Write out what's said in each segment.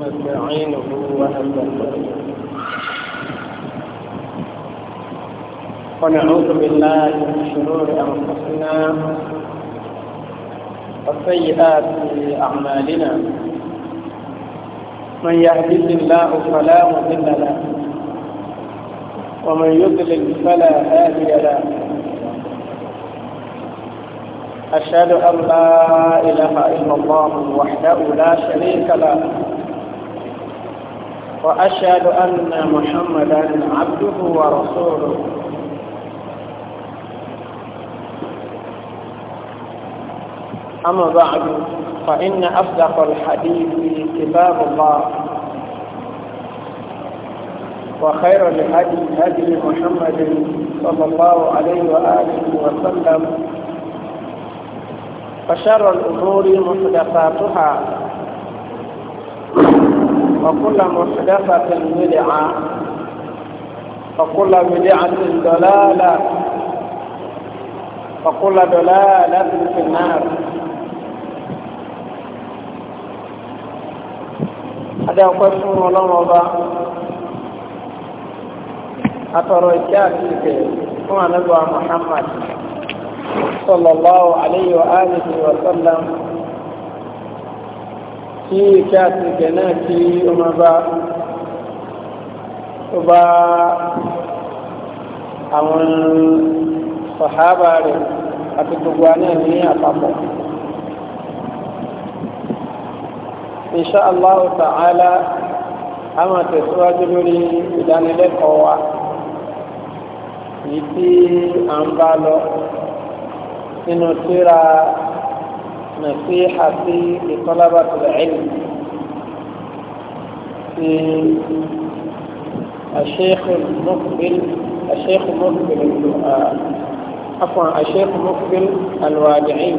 ونستعينه ونستغفره ونعوذ بالله من شرور انفسنا وسيئات اعمالنا من يهده الله فلا مضل له ومن يضلل فلا هادي له أشهد أن لا إله إلا الله وحده لا شريك له وأشهد أن محمدا عبده ورسوله أما بعد فإن أصدق الحديث كتاب الله وخير الهدي هدي محمد صلى الله عليه وآله وسلم فشر الأمور محدثاتها وكل محدثة بدعة وكل بدعة ضلالة وكل ضلالة في النار هذا قسم الله وضع أترى الكافي هو نبوة محمد صلى الله عليه وآله وسلم kí ìkẹ́ àti ìkẹ́ náà kí ó máa bá ó bá àwọn sàhábà rẹ̀ àti gbogbo àná ní àpapọ̀. Insha Allah ta'ala a máa tẹ̀síwájú lórí ìdánilẹ́kọ̀ọ́ wa yìí tí à ń bá lọ nínú tírà نصيحة لطلبة العلم في الشيخ المقبل الشيخ المقبل عفوا الشيخ المقبل الوادعي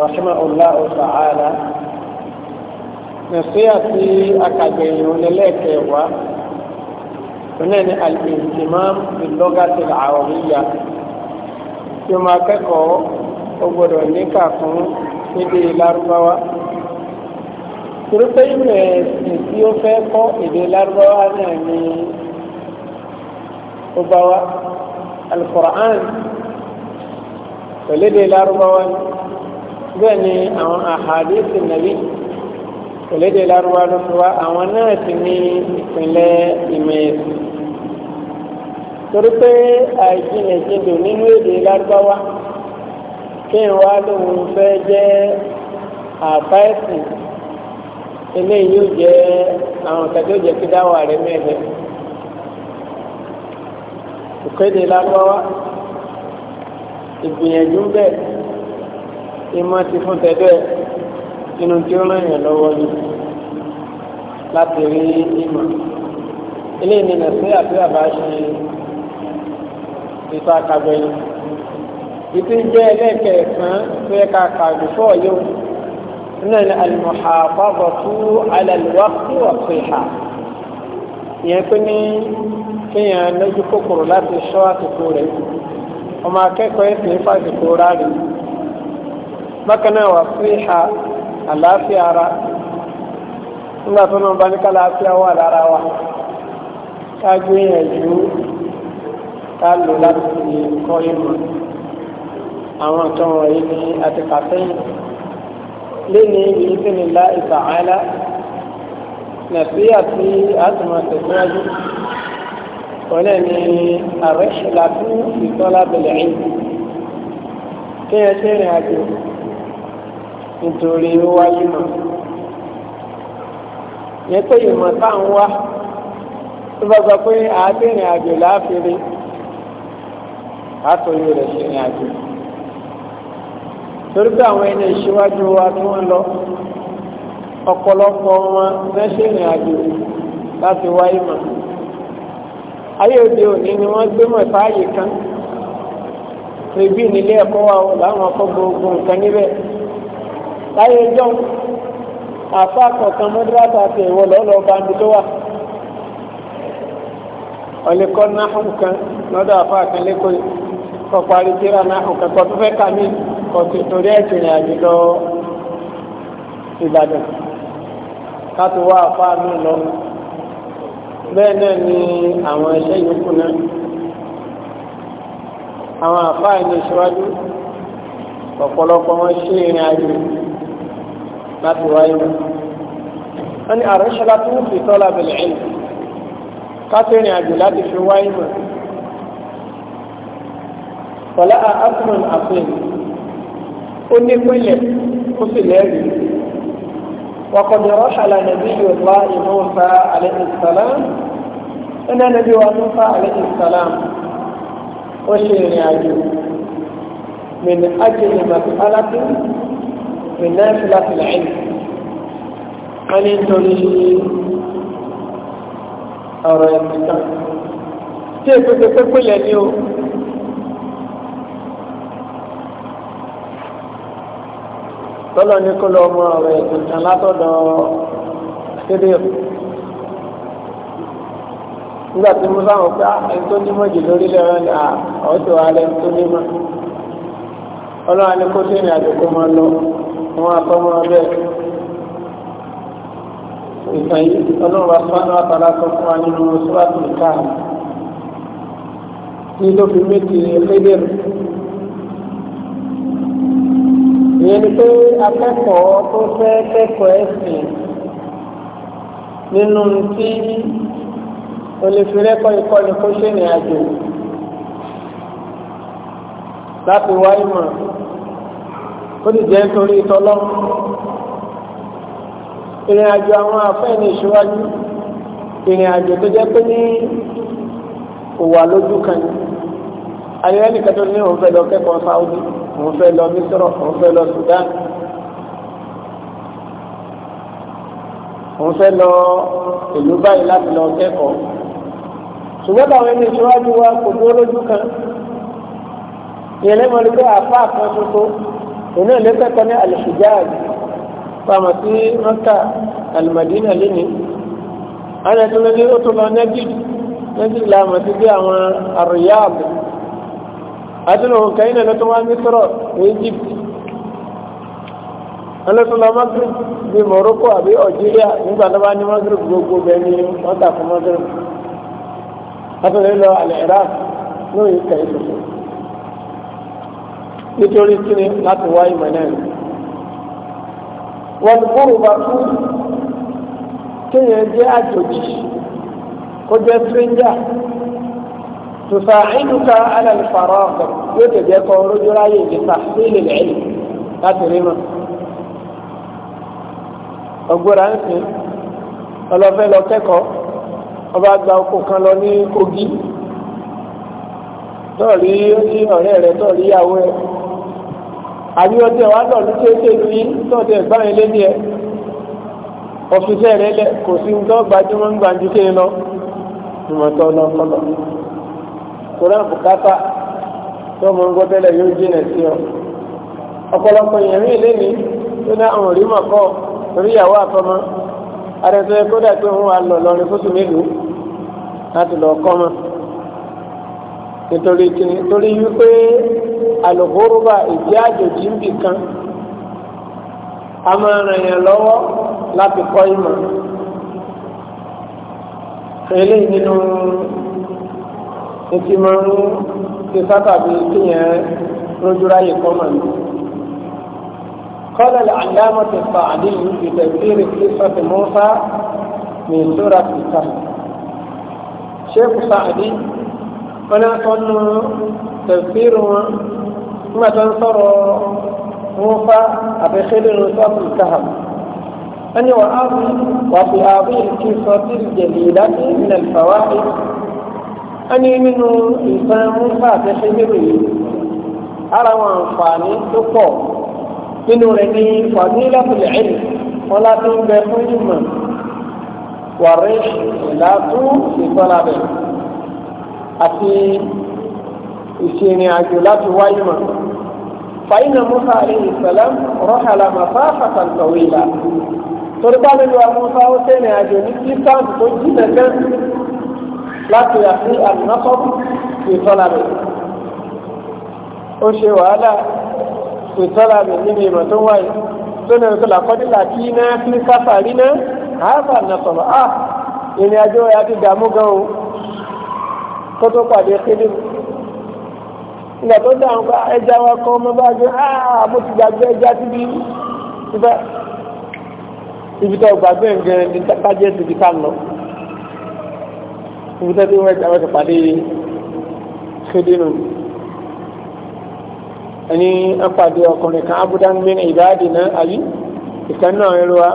رحمه الله تعالى نصيحتي أكاديميون لك هنا الاهتمام باللغة العربية كما تكو ó gbọ́dọ̀ níkà fún èdè lárúbáwá torí pé ìmọ̀ ẹ̀sìn tí ó fẹ́ kọ́ èdè lárúbáwá náà ni ó bá wá alukoran pẹ̀lú èdè lárúbáwá bẹ́ẹ̀ ni àwọn àhàdíìsì nàbí pẹ̀lú èdè ló fi wá àwọn náà ti ní ìpínlẹ̀ ìmọ̀ ẹ̀sìn torí pé àìjìnlẹ̀ nínú èdè lárúbáwá kí n wá lóun fẹ́ jẹ́ àfáìsì eléyìí yóò jẹ́ àwọn kẹjọ yóò jẹ́ kí dáwà rẹ mẹ́rin ìkéde lágbáwá ìgbìyànjú bẹ́ẹ̀ ìmọ̀ ti fún tẹ́lẹ̀ inú tí ó ràn yàn lọ́wọ́ ni láti rí ìmọ̀ eléyìí ni nàìjíríà tí a bá ṣe ìta kagbẹ́yìn ìpín jẹ́ ẹlẹ́kẹ̀ẹ́kan tó yẹ ká kàdù fọ́ yóò nínú ẹni al-muhafazatu ala al-waqti wa siha ìyẹn pé ní kéèyàn lójú kòkòrò láti ṣọ́ àsìkò rẹ̀ ọmọ akẹ́kọ̀ọ́ ẹ̀sìn nípa àsìkò rárẹ̀ bákan náà wà siha àlàáfíà ara nígbà tó náà bá ní kálàáfíà wà lára wa ká gbìyànjú ká lò láti kọ́ ìmọ̀ àwọn nǹkan wọ̀nyí ni a ti kà sẹ́yìn léni ìdílé ńlá ìtàhálà nàìjíríà tí a ti máa tẹ̀síwájú wọn ni àrẹ́ṣẹ̀lá fún ìtọ́lá bẹ̀lẹ̀ yìí kí ẹ ṣe ìrìn àjò nítorí ó wáyé mọ́ yẹ pé ìmọ̀ táwọn wá tó bá gbọ́ pé àádẹ́rìn àjò láàfin rí àtòyè ṣe ìrìn àjò. torí pé àwọn ẹni ìṣíwájú wa tí wọ́n lọ ọ̀pọ̀lọpọ̀ wọn mẹ́sẹ̀ ìrìn àjò láti wá ìmọ̀ ayé òde òní ni wọ́n gbé mọ̀ fáàyè kan nílé ẹ̀kọ́ wa láwọn ọkọ̀ gbogbo nǹkan níbẹ̀ láyé ẹjọ́ àfa kọ̀ọ̀kan mọ́dúrátà àti ìwọ lọ́lọ́ bá ní tó wà ọ̀lẹ́kọ́ náà kan lọ́dọ̀ àfa kan lẹ́kọ̀ọ́ kọ̀ parí tíra náà kò sí torí ẹ̀sìn ìrìn àjò lọ Ìbàdàn káàtó wá apá mi lọ bẹ́ẹ̀ náà ni àwọn iṣẹ́ yòókù náà àwọn àpá ẹni ìṣíwájú ọ̀pọ̀lọpọ̀ wọn ṣe ìrìn àjò láti wáyé wọn wọ́n ni àrùnṣọ́lá tó ń fi tọ́lá bẹ̀lẹ̀ ẹ̀yìn káàtó ìrìn àjò láti fi wáyé wọn pọ̀lá àásùnmọ̀ àfihàn ó ní pínlẹ̀ ó sì lẹ́rìí وقد رحل نبي الله موسى عليه السلام إن نبي موسى عليه السلام وشير يعجب من أجل مسألة من نافلة العلم أن ينتهي أو يمكن كيف تكون لنيو tọ́lọ̀ ní kó lọ ọmọ rẹ̀ ìtàn látọ̀dọ̀ sídìr nígbà tí mo sáwọn pé ah, ẹni tó nímọ̀ jù lórí lẹ́rọ ni ah, ọ̀tọ̀ ààrẹ tó nímọ̀ ọlọ́run ní kó sí ìrìn àjò kó máa lọ wọn àtọ́mọ bẹ́ẹ̀ ìtàn yìí ọlọ́run bá sọ́nà àtàlà tó fún wa nínú síwájú ìka kí ló fi mí ti ẹgbẹ́ ìyẹn ni pé akẹ́kọ̀ọ́ tó fẹ́ kẹ́kọ̀ọ́ ẹ̀sìn nínú tí olùfirẹ́kọ̀ ìkọlù kó ṣe ní àjò láti wá ìmọ̀ ó sì jẹ́ nítorí ìtọ́lọ́ ìrìn àjò àwọn afẹ́ni ìṣíwájú ìrìn àjò tó jẹ́ pé ní òwà lójú kan ni ayé ẹnìkan tó ní òun fẹ́ lọ kẹ́kọ̀ọ́ sáúdì òun fẹ́ lọ mísírọ̀ òun fẹ́ lọ Sudan òun fẹ́ lọ ìlú báyìí láti lọ kẹ́kọ̀ọ́ ṣùgbọ́n táwọn ẹni ìṣíwájú wa kò dúró lójú kan ìyẹlẹ́mọ̀ ni pé àfa kan ṣoṣo òun náà lẹ́kẹ̀kọ́ ní Al-Hijaz pàmò sí mọ́tà Al-Madina lẹ́ni àwọn ẹ̀tọ́ lọ́ní ó tó lọ nẹ́gìd nẹ́gìd làmọ̀ sí bí àwọn àrùyáàbù àtúnlòhùn kẹ́yìn náà tó wá ní sọ̀rọ̀ ní Egypt ọlọ́tọ́lá Maghrib bí Morocco àbí Algeria nígbà tó bá ní Maghrib gbogbo bẹ́ẹ̀ ni wọ́n tà fún Maghrib àtúnlẹ̀ lọ àlẹ́ Iraq náà yìí kẹ́yìn tuntun nítorí kíni láti wá ìmọ̀ náà ni wọ́n kúrò bá fún kéèyàn jẹ́ àjòjì kó jẹ́ stranger تساعدك على الفراغ يتجاك رجلي لتحصيل العلم لا تريمه ọgbọ́ra ń sìn ọlọ́fẹ́ lọ kẹ́kọ̀ọ́ ọba gba oko kan lọ ní kogi tọ́ọ̀rí ní ọ̀rẹ́ rẹ̀ tọ́ọ̀rí ìyàwó ẹ̀ àbí ọtẹ wa lọ ẹ kóra bùkátà tó mọ̀ ń gbọ́ tẹ́lẹ̀ yóò jìnà sí ọ ọ̀pọ̀lọpọ̀ èèyàn rí ilé mi tó ní àwọn òrí mọ̀ ya torí ìyàwó àtọmọ ààrẹ tó yẹ kó dà pé òun wà lọ lọrin kan a máa ràn yàn lọ́wọ́ láti kọ́ ìmọ̀ eléyìí etí máa ń ṣe sábàbí kéèyàn rojú ráyè kọ́mà ní. قال العلامة الصعدي في تفسير قصة موسى من سورة الكهف شيخ سعدي أنا أظن تفسير ما تنصر موسى أبي خير سورة الكهف أن وفي هذه القصة الجليلة من الفوائد a ní nínú ìfẹ́ musa àtẹ́sẹ́ gbèrò yìí ara wọn àǹfààní tó pọ̀ nínú rẹ̀ ní fàdílàtúlẹ̀ ẹ̀lì wọn láti ń bẹ fún ìmọ̀ wàrí ìlàtú ìtọ́lábẹ̀ àti ìṣẹ̀rìn àjò láti wáyé mọ̀. fàyínà musa alayhi salam rọ́hàlà màfáfà tàǹtàwé la torí bá lè lo àwọn musa ó tẹ̀lé àjò ní kíkàǹtì tó jìnnà gan láti àfi ànásọ́bù ìtọ́lábẹ̀ ó ṣe wàhálà ìtọ́lábẹ̀ níbi ìmọ̀ tó wáyé tó ní ìtọ́lá kọ́dílà kí iná fi sáfàrí náà àáfà ànásọ́bù à ah, ìrìn àjò ẹ̀ àti dààmú gan o kó tó pàdé kéde ìgbà tó dáhùn pa ẹja wa kọ́ ọmọ bá gbé áà ah, mo ti gbàgbé ẹja síbi ibi tó gbàgbé nǹkan ẹni tájẹ́ ti fi ká lọ níbi tẹ́tí wọ́n ti àwọn ti pàdé ṣédínù ẹni apàdé ọkùnrin kan abúdá ń gbé ní ìdáàdì náà ayé ìkànnì àwọn ẹrú wa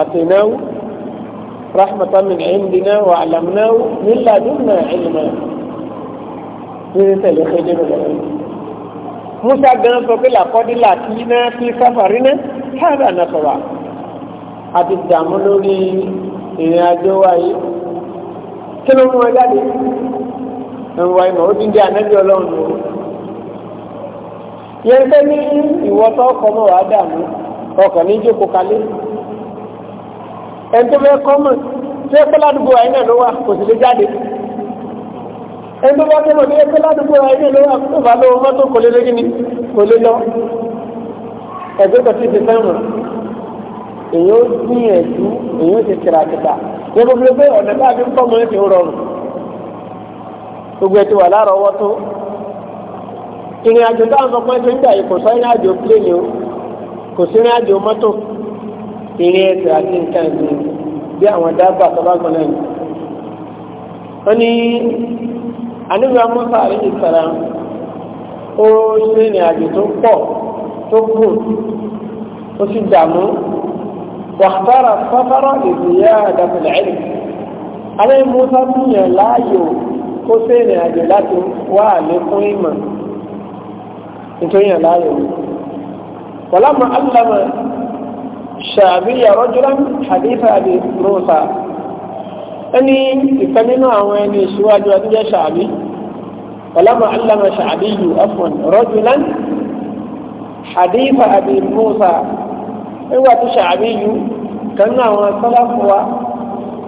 àtẹnáwó rahmatan min indina wa alamnahu min ladunna ilma nínú tẹ̀lé ṣédínù musa gan sọ pé làkọ́dí làkí náà fi sáfàrí náà káàdà náà sọ̀rọ̀ àti dààmú lórí ìrìn àjò wa kí ló mú ẹ jáde ẹ̀wọ̀n ìmọ̀ ó ti ń jẹ́ ànábì ọlọ́run lò ó. yẹn fẹ́ ní ìwọ tó ọkọ̀ mọ̀ wá dààmú ọkọ̀ ní jókòó kalẹ̀ ẹni tó fẹ́ kọ́ mọ̀ tí ẹ pẹ́ ládùúgbò àyìn náà ló wà kò sì lè jáde ẹni tó bá tẹ́ mọ̀ tí ẹ pẹ́ ládùúgbò àyìn náà ló wà tó bá lọ́wọ́ mọ́tò kò lè lé kíni kò lè lọ ẹgbẹ́ kan ti ti fẹ́ràn èyí ó gbìyànjú èyí ó ti kìràkìtà ní gbogbo pé ọ̀nà bá fi ń kọ́ mọ́ ẹ̀sìn rọrùn gbogbo ẹ̀ ti wà lárọ̀ọ́wọ́ tó ìrìn àjò táwọn ọmọ ẹ̀sìn ń gbà yìí kò sọ ìrìn àjò pléènì o kò sí ìrìn àjò mọ́tò ìrìn ẹ̀sìn àti nǹkan ìgbìn bí àwọn dábà tọ́lágbọ́n náà wọ́n ní anígbà mọ́tò àríyí sara ó ṣe ìrìn àjò tó pọ̀ tó gùn ó sì dààmú واختار السفر لزيادة العلم عليه موسى بن لايو حسين أجلاته والقيمة انتهينا لايو ولما علم الشعبي رجلا حديث أبي موسى ẹni ìkan nínú àwọn ẹni ìṣíwájú adújẹ́ ṣàbí ọlọ́mọ alama ṣàbí yìí ọ̀fọ̀n rọ́jùlán hadith nígbà tí ṣàbíyù kan náà wọn sọ́láfù wa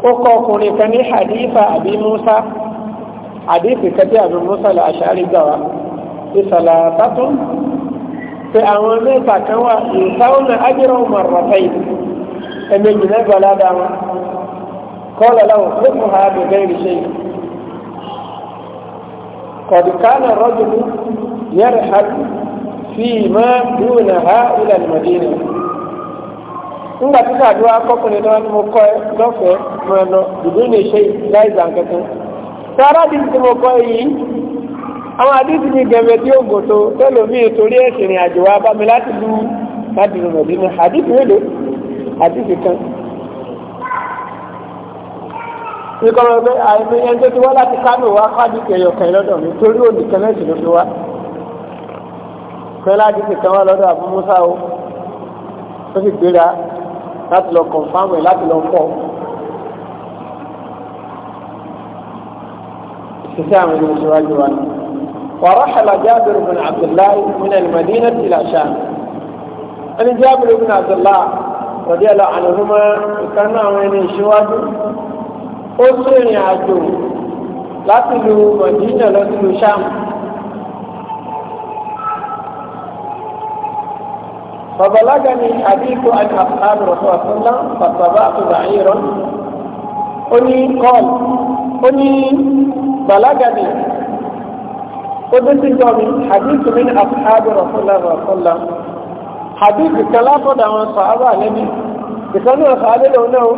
ó kọ́ ọkùnrin kan ní hadifa àbí musa hadithi kẹtí àbí musa là àṣàrí gbà wá ìsàlà sátún pé àwọn mẹ́ta kan wà ìsáwọn ajẹ́rọ̀ mọ̀rọ̀fẹ́ yìí ẹ̀mẹ́jì náà ládàá wọn kọ́lá láwọn ha bẹ̀rẹ̀ ìṣe yìí قد كان الرجل يرحل فيما دونها إلى المدينة nígbà tí sàdúrà kọkùnrin náà ni mo kọ́ ẹ lọ́fẹ̀ẹ́ mo ẹ lọ ìlú lè ṣe láì gbà kankan sáárà tí mo kọ́ yìí àwọn àdìsí mi gẹ̀mẹ̀ tí ó gòtò tẹ́lòmíì torí ẹ̀sìn ìrìn àjò wa bá mi láti lú láti rìn mọ̀dínà àdìsí mélòó àdìsí kan ìkọ̀rọ̀ pé àìmí ẹni tó ti wá láti kánò wá káàdì kẹyọ̀ kan lọ́dọ̀ mi torí òní kẹmẹ́sì ló fi wá pẹ́ láti fi kan wá lọ́dọ̀ àbúmúsá ó sì gbéra láti lọ kọ̀ǹfàmù ẹ̀ láti lọ fọ́ ìṣiṣẹ́ àwọn ènìyàn ṣíwájú wa ni. ورحل جابر بن عبد الله من المدينة إلى شام أن جابر بن عبد الله رضي الله عنهما كان من شواد أسرني عدو لا تلو مدينة لا تلو شام فبلغني حديث عن أصحاب رسول الله صلى الله عليه وسلم فاتبعت بعيرا أني قال أني بلغني قدس قومي حديث من أصحاب رسول الله صلى الله عليه وسلم حديث ثلاثة دعوة صحابة لني بكانوا صحابة لونه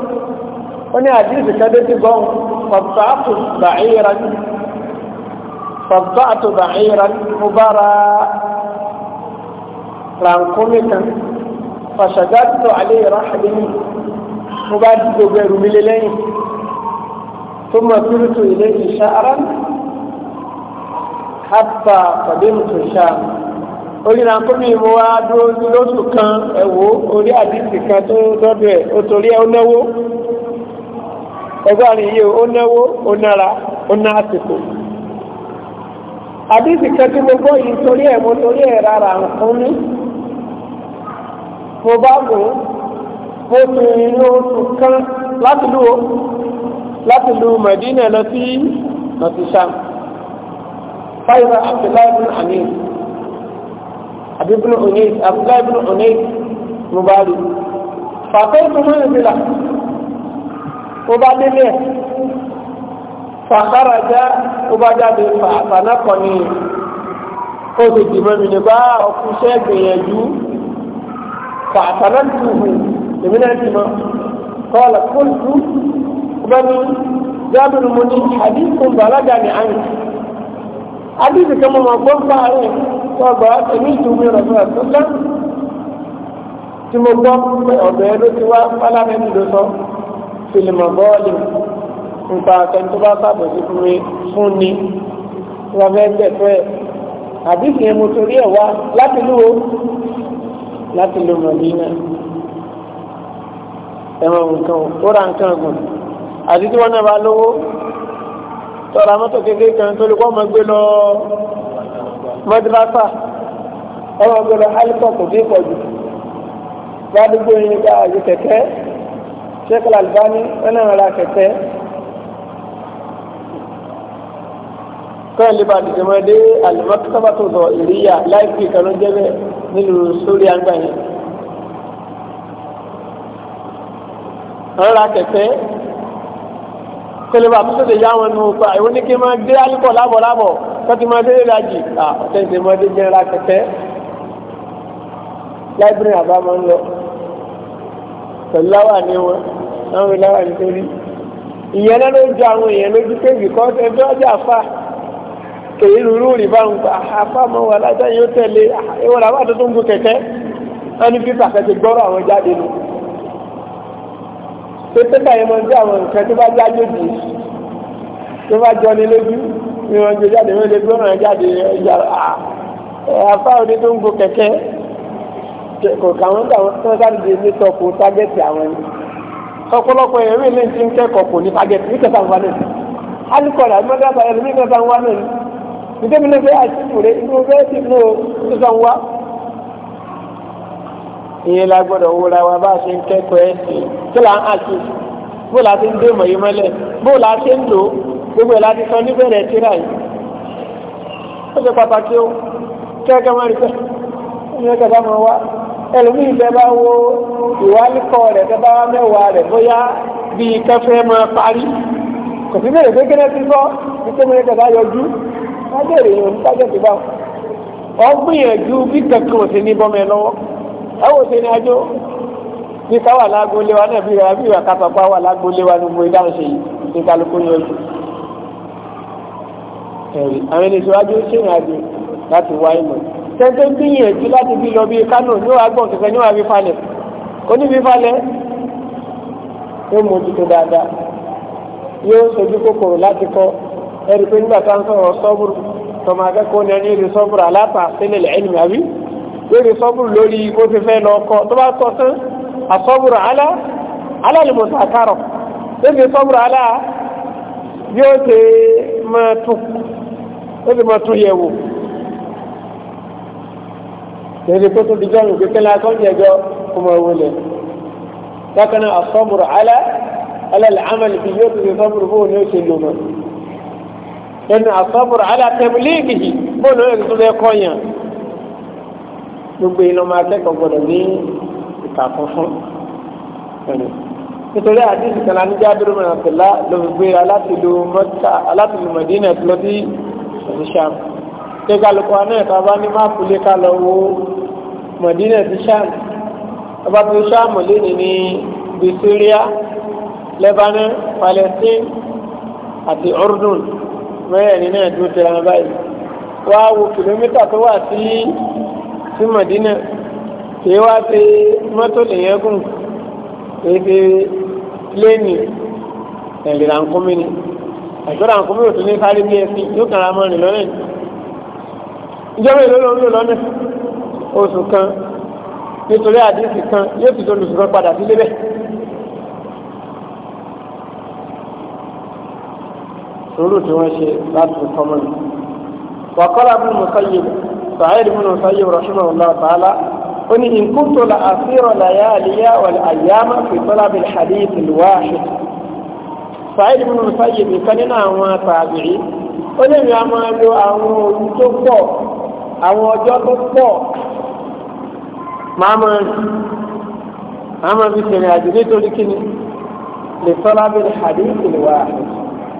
أني حديث كدس قوم فاتبعت بعيرا فاتبعت بعيرا مبارا rànkúnmí kan fàṣàgádùn alẹ́ mo bá di gbogbo ẹrù mi lẹ́yìn tó mọ pírítù ilé ìṣá ara hàtà pàdé mùtò ṣá orí rànkúnmí mo wá dúró lóṣù kan ẹ̀wò orí àdìsí kan tó dọ́dọ̀ ẹ̀ ó torí ẹ̀ ó náwó ẹgbẹ́ àrùn yìí ó kan tí mo gbọ́ yìí torí ẹ̀ mo torí ẹ̀ rárá mo bá lò ó mo fi inú oṣù kan láti lù ó láti lu Mẹ̀dínà lọ sí nọ̀tìṣàm fáyọ̀rọ̀ Abdullahi bin Hanif abibinu onais Abdullahi bin onais mo bá lò fàfẹ́ ìtumọ̀ ìbílà mo bá délé ẹ̀ fàkàràjà ó bá jáde fàfànà kọ́ni ó sì dìbò mi nígbà ọkùnṣẹ́ gbìyànjú. فاعتمدته من الإمام قال قلت بني جابر مني حديث بلغني عنك حديث كما ما قلت عليه وقال سمعت من رسول الله صلى الله عليه وسلم tí mo gbọ́ pé ọ̀dọ̀ ẹ ló ti wá pálámẹ́ nílò sọ fìlìmọ̀ bọ́ọ̀lì nípa akẹ́ni tó bá sàbòsí fún mi fún ni wọ́n fẹ́ gbẹ̀fẹ́ ẹ̀ àbí kìí mo torí ẹ̀ wá láti lúwo láti lo mọ̀dínà ẹ̀rọ nǹkan ó ra nǹkan gùn àti tí wọ́n náà bá lówó tọ́ra mọ́tò kékeré kan tó lè kọ́ ọmọ gbé lọ mọ́dúrásà ọmọ gbé lọ alikọ́pù bí pọ̀jù ládùúgbò yìí ká àti kẹ̀kẹ́ ṣẹ́kọ̀lá àlùbáni ẹ̀ náà kẹ̀kẹ́. kọ́ẹ̀ lè ba dìde mọ́ dé alimakitaba tó dọ̀ ìrìyà láìpẹ́ ìkànnì jẹ́bẹ̀ nílùú sórí àgbà yẹn. rárá kẹ̀kẹ́ kọlẹ́bà tó tẹ̀ yá wọn nù pa ìwọ ní kí n máa dé alikọ̀ lábọ̀ lábọ̀ tọ́tí máa dé ìlàjì à ọ̀tẹ̀ǹtẹ̀ máa dé jẹ́ra kẹ̀kẹ́ láìbírì àbá máa ń lọ pẹ̀lú láwà ní wọn àwọn ìláwà nítorí ìyẹn náà ló ju àwọn èèyàn lójú pé bìkọ́ ẹgbẹ́ ọjà fà èyí rúrú rí bá ń gba àfáàmọ́ wà lájá yóò tẹ̀lé ìwọ̀n làwọn àtúntò ń gun kẹ̀kẹ́ wọn ní pípa kẹ̀kẹ́ ti gbọ́rọ̀ àwọn jáde nù. pé pépà yẹn mọ jẹ́ àwọn nǹkan tó bá jáde jù tó bá jọ ní lójú ni wọ́n jẹ jáde wọ́n lè gbọ́rọ̀ yẹn jáde àfáà òde tó ń gun kẹ̀kẹ́ kò káwọn táwọn tó ń sáré di ní tọkù tágẹ́tì àwọn yìí. ọ̀pọ̀lọpọ̀ ẹ̀rí ilé ti ń kẹ́kọ̀ọ́ nígbà mi ló fẹ́ àtìkù rẹ̀ inú fẹ́ sì ló tó sàn wá. ìyẹn la gbọ́dọ̀ wúra wa bá a ṣe ń kẹ́kọ̀ọ́ ẹ̀sìn kí là ń àti bó la ti ń dé mọ̀yé mọ́lẹ̀ bó la ti ń lò gbogbo ẹ̀ la ti sọ níbẹ̀rẹ̀ tíra yìí. ó ṣe pàtàkì o kẹ́kẹ́ mọ́ rí pẹ́ ní ẹ̀kẹ́ bá mọ́ wá ẹlòmíì bẹ́ẹ̀ bá wo ìwálìkọ rẹ̀ bẹ́ẹ̀ bá wá mẹ́wàá rẹ̀ bóyá bíi kẹfẹ́ máa parí kò sí bẹ́ẹ̀ gbẹ́gẹ́rẹ́ ti sọ wọ́n bẹ̀rẹ̀ èèyàn ní tájẹ́tì bá wọ́n gbìyànjú bí kankan ò sí ní bọ́mẹ lọ́wọ́ ẹ̀wọ̀ sí ní ajó bí ká wà lágbo léwa náà bí ra bí ra kápá pa wà lágbo léwa ní gbogbo ìdáhùn ṣe yìí ní kálukú ní ojú. ẹ̀rí àwọn ẹni ìṣíwájú ṣèrìn àjò láti wá ìmọ̀ tẹ́tẹ́ gbìyànjú láti bí lọ bí Kánò ní wàá gbọ̀n kẹfẹ́ ní wàá fi falẹ̀ onífi falẹ̀ ó mójútó dáadáa ẹ̀rí pé nígbà táwọn sọ̀rọ̀ sọ́bùrù tọmọ akẹ́kọ̀ọ́ ni ẹni rí sọ́bùrù alátàsílẹ̀ ẹ̀lìmí àbí lórí sọ́bùrù lórí bó ti fẹ́ lọ kọ́ tó bá sọ tán àsọ́bùrù alá alálùmọ̀tà kárọ̀ lórí sọ́bùrù alá yóò ṣe máa tún lórí máa tún yẹ̀ wò lórí kó tó dijọ́ nù kékeré akọ́njẹ́ jọ ọmọ ìwọlẹ̀ bákan náà àsọ́bùrù alá alálùmọ̀tà kárọ̀ ẹnu àsọ́bùrù alátẹ̀mílíìkì bóòlù ẹ̀rí tó lẹ́kọ́ yàn gbogbo ìlú ọmọ akẹ́kọ̀ọ́ gbọ́dọ̀ ní ìkàkùn fún ẹ̀rí nítorí àdìsí kan láti jábìrì mìíràn pẹ̀lá lóbi gbé alátìlú mọ́tà alátìlú mọ̀dínà tó lọ sí ìṣàm ṣé kálukọ́ náà tá a bá ní máàpù lé ká wo mọ̀dínà ti ọba tó ṣàmù lónìí ní bí Syria Lebanon àti Urdun mẹ́rẹ̀ẹ̀rin náà dúró tẹ̀ra wọn báyìí wá wo kìlómítà tó wà sí sí mọ̀dínà kìí wá ṣe mọ́tò lèyẹn gùn kìí pléènì ẹ̀rìn rànkúnmí ni ẹ̀tọ́ rànkúnmí ò tún ní sáré bí ẹsìn yóò kàn ra mọ́ rìn lọ́rẹ̀ ìjọba ìlú ló ń lò lọ́nà oṣù kan nítorí àdéhùn kan yóò fi tó lùsùn kan padà sílé bẹ́ẹ̀. sùúrù tí wọ́n ṣe láti fi kọ́mọ́ ni. wàkọ́lá bí Musayyib Sa'id bin Musayyib rahimahullah ta'ala ó ní in kuntu la asiru layaliya wal ayyama fi talabi al hadith al wahid. Sa'id bin Musayyib kan nínú àwọn tàbíì ó lè rí a máa lo àwọn òru tó pọ̀ àwọn ọjọ́ tó pọ̀ máa máa fi ṣèrìn àjò nítorí kíni lè sọ́lá bí hadith al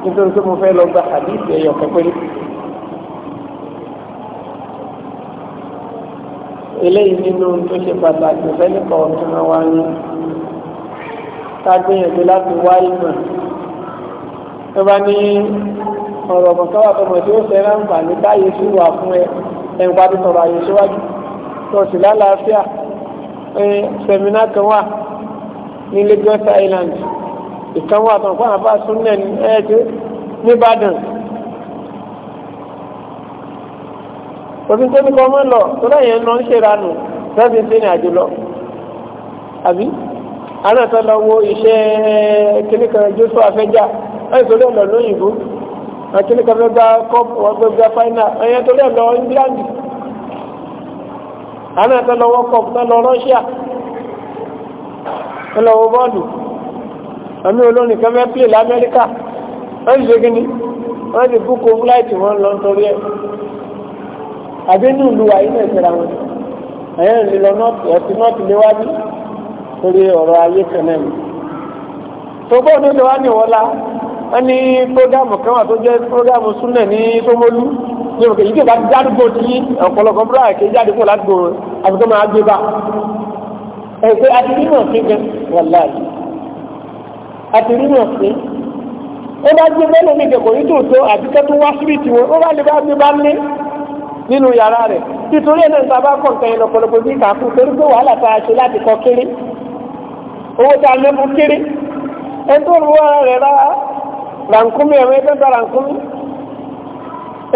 nítorí pé mo fẹ́ lọ gba hadith ẹ̀yọ̀ pẹ́pẹ́lú. eléyìí nínú tó ṣe pàtàkì fẹ́nìkan ọ̀tún wa ní kágbìyànjú láti wá ìmọ̀ tó bá ní ọ̀rọ̀ mọ̀káwà tọmọ̀ tí ó fẹ́ràn ń bà ní táyé sí wà fún ẹ ẹ̀ǹpa tó sọ̀rọ̀ àyè síwájú tó sì lálàáfíà ẹ̀ sẹ̀mínà kan wà ní Lagos Island ìkan wà tán fún àbá súnlẹ̀ ní ẹ̀ẹ́dẹ́ nìbàdàn. òfin tó ní kọ́ mọ́ lọ tó lẹ́yìn lọ ń ṣèranù lọ́sí ń tẹ́lẹ̀ àjò lọ. àbí àwọn àtọ́ lọ wo iṣẹ́ kíní kan jósù àfẹ́jà ẹ̀yìn tó lẹ́ lọ lóyìnbó kíní kan fẹ́ gba kọ́ọ̀pù wọn fẹ́ gba fáínà ẹ̀yìn tó lẹ́ lọ England àwọn lọ wọ́kọ̀ọ̀pù lọ Russia ẹ̀ lọ wọ bọ́ọ̀lù àmì olórin kan fẹ́ pè lamẹ́ríkà wọ́n ti ṣe kí wọ́n ti búkọ fúláìtì wọn lọ nítorí ẹ̀ àbí ìlú wa ilé ìṣẹ̀ra wọn ẹ̀yẹ́ ń lọ nọ́ọ̀tì ẹ̀sì nọ́ọ̀tì léwájú torí ọ̀rọ̀ ayé kẹ̀nẹ́ mi. tòbó ní ìlú wa ní ìwọ́lá wọ́n ní prógámù kan wà tó jẹ́ prógámù súnlẹ̀ ní tómólú ní òkè yìí kébà jádùgbò tí ọ̀pọ̀lọpọ̀ búra ẹ̀kẹ́ jádùgbò ládùgbò àbíkọ́ àti rírò sí ó bá gbé mẹ́lẹ̀ ní ìjẹ̀kọ̀ yìí tó tó àti kẹ́tù wá sí ìtì wọn ó bá lè bá gbé bá lé nínú yàrá rẹ̀ nítorí ẹ̀ náà ń sábà kọ̀ nǹkan yẹn lọ́pọ̀lọpọ̀ bí kàákùn torí pé wàhálà tá a ṣe láti kọ kéré owó tá a lé fún kéré ẹ tó rú ara rẹ̀ rárá rànkúmi ẹ̀rọ ẹgbẹ́ ta rànkúmi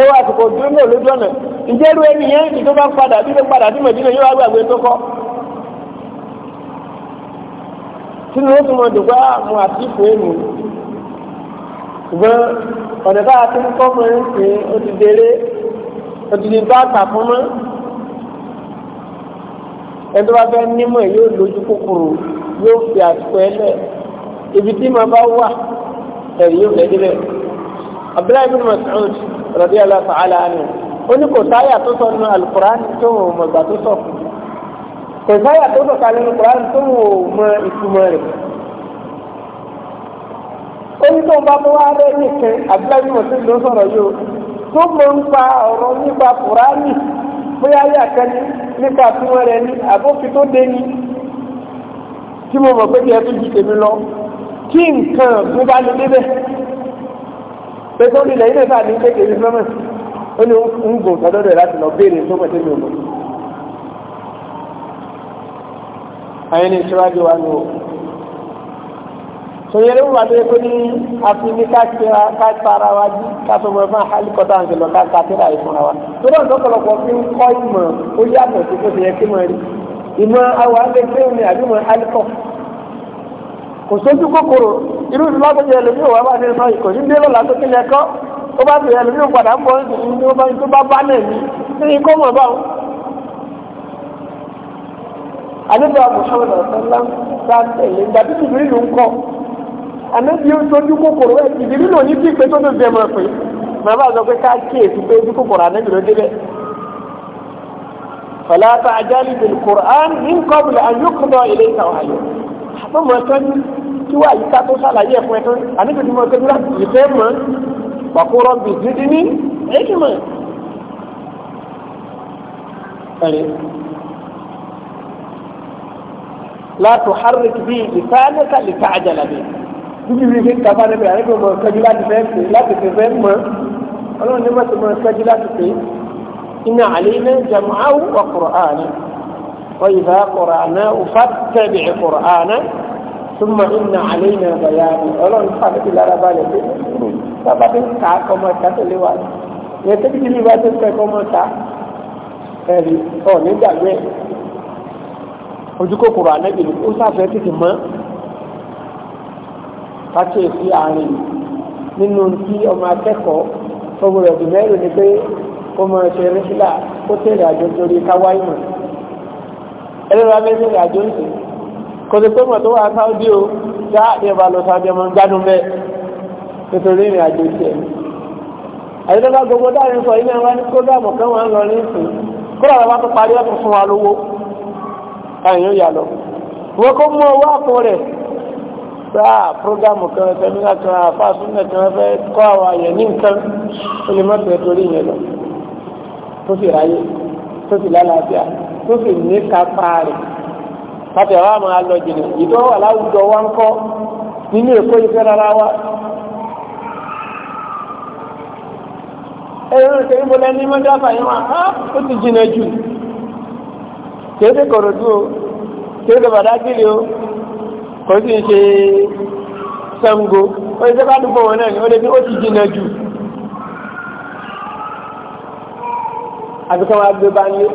ẹ wá àsìkò dúró náà lójú ọ̀nà ìjẹ́rú ẹni yẹn ìjọba padà bí padà sínú ó túnmọ̀ dùgbà ah, mu àti ìfò èmi ṣùgbọ́n ọ̀dẹ̀ bá a ti ń kọ́ mọ́ ń é ó ti délé ó ti di bá tà fún mọ́ ẹni tó bá fẹ́ nímọ̀ yóò lójú kòkòrò yóò fi àsìkò ẹ lẹ̀ ibi tí màá bá wà ẹ̀rí yóò fẹ́ débẹ̀ Abdullahi bin Mas'ud radiyallahu ta'ala anhu ó ní kò táyà tó sọ nínú al tó mọ̀ gbà tó sọ fún kò sáyà tó sọ̀ka nínú Kùránì tó wò mọ ìtumọ̀ rẹ̀ ó tó ń bá tó wá rẹ̀ nìkan àbíláyé mọ̀ sí ló sọ̀rọ̀ yìí o tó mọ̀ ń pa ọ̀rọ̀ nípa Kùránì bóyá yà kan ní nípa ìtumọ̀ rẹ̀ ní àbófin tó dé ní tí mo mọ̀ pé kí ẹ tó ju tèmi lọ kí nǹkan tó bá lè débẹ̀ pé tó nílẹ̀ ilé ìfà ní kékeré fẹ́mẹ̀ ó ní ń gùn sọ́dọ̀ rẹ̀ láti lọ béèrè tó mọ̀ sí mi ò àyẹn ní ìṣíwájú wa ni o sọyẹ ló wà lóye pé ní àfi ní káàkiri káàkiri wa jí káàtọmọ fún àhálìkọta àǹgẹlọ káàkiri àyè fúnra wa tó náà lọ́pọ̀lọpọ̀ fi ń kọ́ ìmọ̀ ó yàtọ̀ sí kó ti yẹ kí mọ̀ rí ìmọ̀ àwọn àgbẹ̀kẹ́ òní àbí mọ̀ àhálìkọ̀ kò sójú kòkòrò irú ìlọ́gbẹ̀jẹ ẹlòmí ò wá bá nínú ìkò ní délọ́ látó kí lẹ́kọ́ ó bá bẹ̀rẹ̀ ẹlòmí ò padà ń bọ́ ní ó bá ń tó bá bá náà ní ní kó mọ̀ báwọn àdébà mùsùlùmí ọ̀sánlá sáàtẹ̀lẹ̀ ìgbà tí tìbírí ló ń kọ́ ànábi ó tójú kòkòrò ẹ̀ tìbírí ló ní bí pé tó ló bẹ̀rẹ̀ pé màmá sọ pé ká kíyèsí pé ojú kòkòrò ànábi ló débẹ̀. fàlà ta àjálù bil Qur'an ní kọ́bùlà àyókùnà ilé ìtàwọn àyè àbọ̀ mọ̀ tọ́jú kí wà yí ká tó sàlàyé ẹ̀fún ẹ̀ tán ànábi ni mo tọ́jú láti ìfẹ́ mọ́ pàkúrọ̀ bìbí látò harrik bíi ìfáàlẹ́kà lè ká àjàlá bíi bíbí bíi fi ń kàfá níbi àríkò mọ̀ kájú láti fẹ́ pè láti fi fẹ́ mọ̀ ọlọ́run ní mọ̀tò mọ̀ kájú láti pè iná àlẹ́lẹ́ jẹ̀mọ́ áwù wà kùrọ̀ánà wọ́n yìí bá kùrọ̀ánà òfà tẹ̀lé kùrọ̀ánà túmọ̀ iná àlẹ́lẹ́ bàyáni ọlọ́run fà níbi lára balẹ̀ pé bàbá ti ń kà á kọ́ mọ̀ ká tẹ̀lé wa yẹ ojú kòkòrò ànẹ́bì ni ó sáfẹ́ títì mọ́ káṣí èsì àárín nínú tí ọmọ akẹ́kọ̀ọ́ fọwọ́ rẹ̀ dùn mẹ́rin ni pé kó mọ ṣe rẹ́sílà kó tẹ̀lé àjọ nítorí káwá ìmọ̀ ẹlẹ́rọ abẹ́sẹ̀lẹ̀ àjọ ń sìn kò sí pé mọ̀ tó wà sáúdí o já ìyẹn bá lọ sáúdí ọmọ gbádùn bẹ́ẹ̀ nítorí ìrìn àjò tiẹ̀ àyẹ̀dọ́gba gbogbo dáhùn sọ ilé wa ní kó dáàmú kan wà ń lọ ní ìsìn kó làwọn bá tó parí ọ̀tún fún wa lówó káyọ̀ yóò yà lọ wọ́n kó mú ọwọ́ àpò rẹ̀ sáà prógámù kan sẹ́mínà kan àfáàsúnà kan fẹ́ kọ́ àwọn àyẹ̀ ní nǹkan ó lè mọ́tò torí yẹn lọ tó sì ráyè tó sì lálàáfíà tó sì ní kápá rẹ̀ láti àwọn àmọ́ alọ jìnnà ìtọ́ wà láwùjọ wa ń kọ́ nínú èkó ìfẹ́ rárá wa. ẹ̀rọ ìṣèlú bọ́lá ní mọ́tò àfàyẹ́wà ó ti jìnnà jù kéde kòròdú o kéde bàdágìrì o kò sì ń ṣe Ṣàngó ó lè sẹ́kọ̀ àdúgbò wọn náà ni ó lè ní ó ti jìnnà jù àbíkọ́ wọn gbé bá ń lé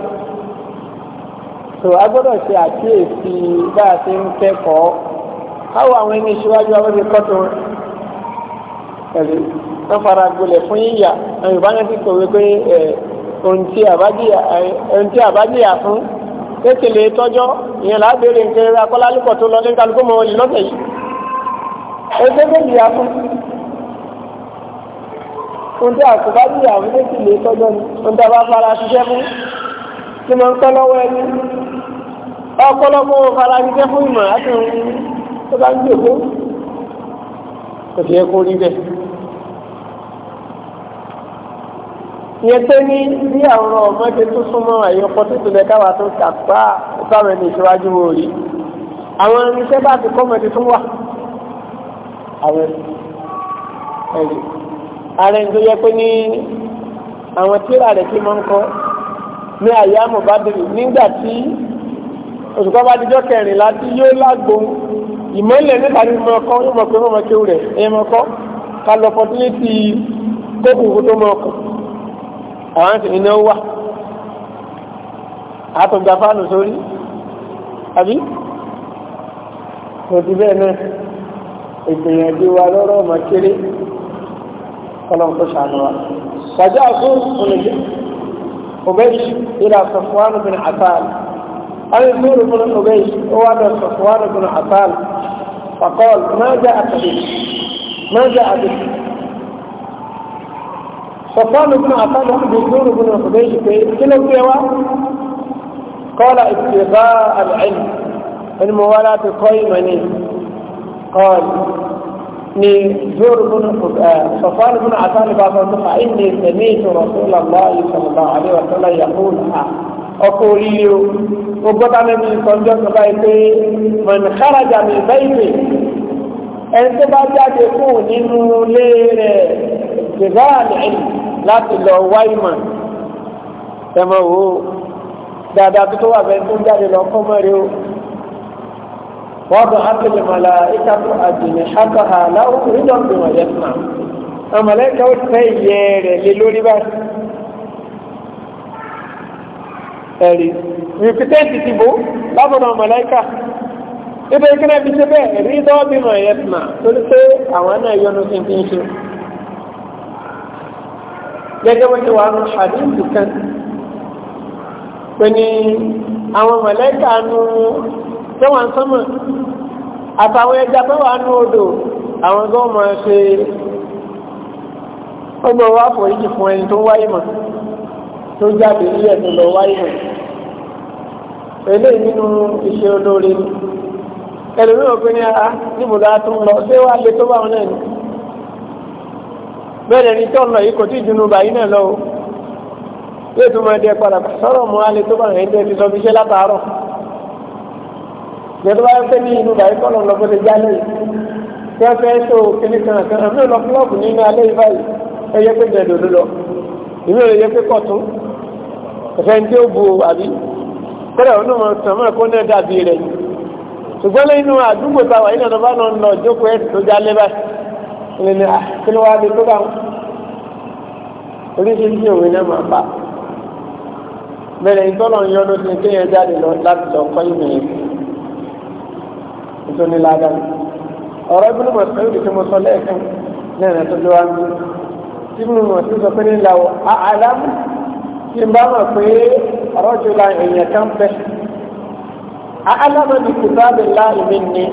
so a gbọ́dọ̀ ṣe àkíyèsí bá a ṣe ń kẹ́kọ̀ọ́ káwọ àwọn ẹni ìṣíwájú àwọn ti kọ́tù wọn pẹ̀lú wọn fara gbolẹ̀ fún yíyà àwọn Yorùbá náà ti ohun tí àbájìyà fún kékeré tọ́jọ́ ìyẹn là á béèrè nǹkan akọ́lálùkọ̀ tó lọ ní kálukú mọ́ wọlé lọ́sẹ̀ yìí ẹgbẹ́ méjì á fún ohun tí àkùbá bí àwọn kékeré tọ́jọ́ ni ohun tí a bá fara ṣiṣẹ́ fún tí mo ń kọ́ lọ́wọ́ ẹni ọ̀pọ̀lọpọ̀ fara ṣiṣẹ́ fún ìmọ̀ àti ohun tó bá ń gbèkó kò sí ẹkọ rí bẹ́ẹ̀. ìyẹn pé ní bí àwọn ọmọdé tó súnmọ́ àyọkọ́ tó tilẹ̀ káwà tó kàpá ìbáwọn ẹni ìṣíwájú wọn rí àwọn irinṣẹ́ bá ti kọ́mọdé tó wà àwọn ẹ̀rí ààrẹ ń tó yẹ pé ní àwọn tíra rẹ̀ kí máa ń kọ́ ní àyè amòbádìrì nígbà tí òṣùpá bá dijọ́ kẹrìnlá tí yóò lágbo ìmọ̀lẹ̀ nípa ní mọ̀ ọkọ́ yóò mọ̀ pé mọ̀ ọmọ kéwù rẹ̀ ẹ̀yẹ mọ̀ ọkọ́ ká lọ fọdún àwọn sì ní ó wà àtọ̀gbà fáànù sórí àbí kò sí bẹ́ẹ̀ náà ìgbìyànjú wa lọ́rọ̀ ọmọ kéré ọlọ́nkọ́ ṣàánú wa wàjá àkóhùn fúnnìyàn ọbẹ̀yì ìlà sọ̀fúwánù bin àtàl alìsúrù fún ọbẹ̀yì ó wà lọ sọ̀fúwánù bin àtàl fàkọ́ọ̀lù máa jẹ́ صفوان بن عفان وزور بن حبيش كلهم سوا قال اتباع العلم الموالاة قيمني قال ni zuhur bin safar bin asan ba fa muka inni sami'tu rasulullahi sallallahu alaihi wasallam yaqul ha ọkọ oríire o ó gbọ́dọ̀ lẹ́nu ìsọjọ́ sọ báyìí pé mọ̀nì kárajà mi bẹ́ẹ̀ ẹni tó bá jáde kù nínú ilé rẹ̀ ìtìbá àlẹ́yìn láti lọ wá ìmọ̀ ẹmọ wo dáadáa tó tó wà fẹ́ tó jáde lọ kọ́ mọ́rẹ́ o wọ́n bọ̀ ápẹ́lẹ̀ mọ̀lá ìkàtọ̀ àjìnà ṣàkàhà láwọn orílẹ̀ òkè wọ̀n yẹn fún wa àmọ̀lẹ́kẹ́ ó fẹ́ ìyẹ rẹ̀ lé lórí báyìí ẹ̀rí rìpítẹ́ǹtì ti bò lábọ̀nà mọ̀lẹ́kà ibẹ̀ ìkíná fi ṣe bẹ́ẹ̀ rí dọ́ọ̀bì wọ̀n yẹn fún pé àwọn náà yọnu sí ti ń ṣe gẹ́gẹ́ bó ṣe wà nù hadithu kan pé ní àwọn mọ̀lẹ́kà nù tẹ́wọ̀n sọ́mọ̀ àtàwọn ẹja tó wà nù odò àwọn tó mọ̀ ṣe ọgbọ̀n wá fọ̀ yìí fún ẹni tó wáyé mọ̀ tó jáde ní ẹ̀sìn lọ wáyé mọ̀ eléyìí nínú iṣẹ́ olóore ẹlòmíràn pé ara níbùdó a ṣé wàá lè tó bá wọn náà bẹ́ẹ̀ ni tí ọ̀nà yìí kò tí ìdùnnú bàyí náà lọ o yóò tún máa dé padà sọ̀rọ̀ mu alẹ́ tó bá rẹ̀ dé ti sọ fi ṣe látàárọ̀ ìyẹn tó bá fẹ́ ní inú bàyí kọ́ lọ́n lọ bó ṣe jálẹ̀ yìí tí wọ́n fẹ́ so kíní kan kan àmì ò lọ fúlọ́ọ̀kù nínú alẹ́ yìí báyìí ẹ yẹ pé jẹ̀dọ̀ ló lọ ìmí ò yẹ pé kọ̀tún ẹ̀fẹ́ ń dé òbu àbí kọ́dà òun náà tàn mọ́ ẹ̀kọ́ náà dàbí rẹ̀ ṣùgbọ́n lẹ́yìn àdúgbò táwa yìí náà tó bá lọ lọ jókòó ẹ̀ tó jálẹ̀ báyìí ìrìnà kíló wá di tó bá wọn oríṣiríṣi òwe náà máa bá bẹ̀rẹ̀ ìtọ́nà yọdún ti kéèyàn jáde lọ láti lọ kọ́ ìmọ̀ yẹn nítorí ládàá ọ̀rọ̀ Ibn Mas'ud tí mo sọ lẹ́ẹ̀kan náà nà tó lé wá mi tí Ibn Mas'ud sọ pé ní ìlàwọ̀ àlámù tí n bá mọ̀ pé rọ́jò la èèyàn kan fẹ́ àlámù ni kìtàbí láì mi ni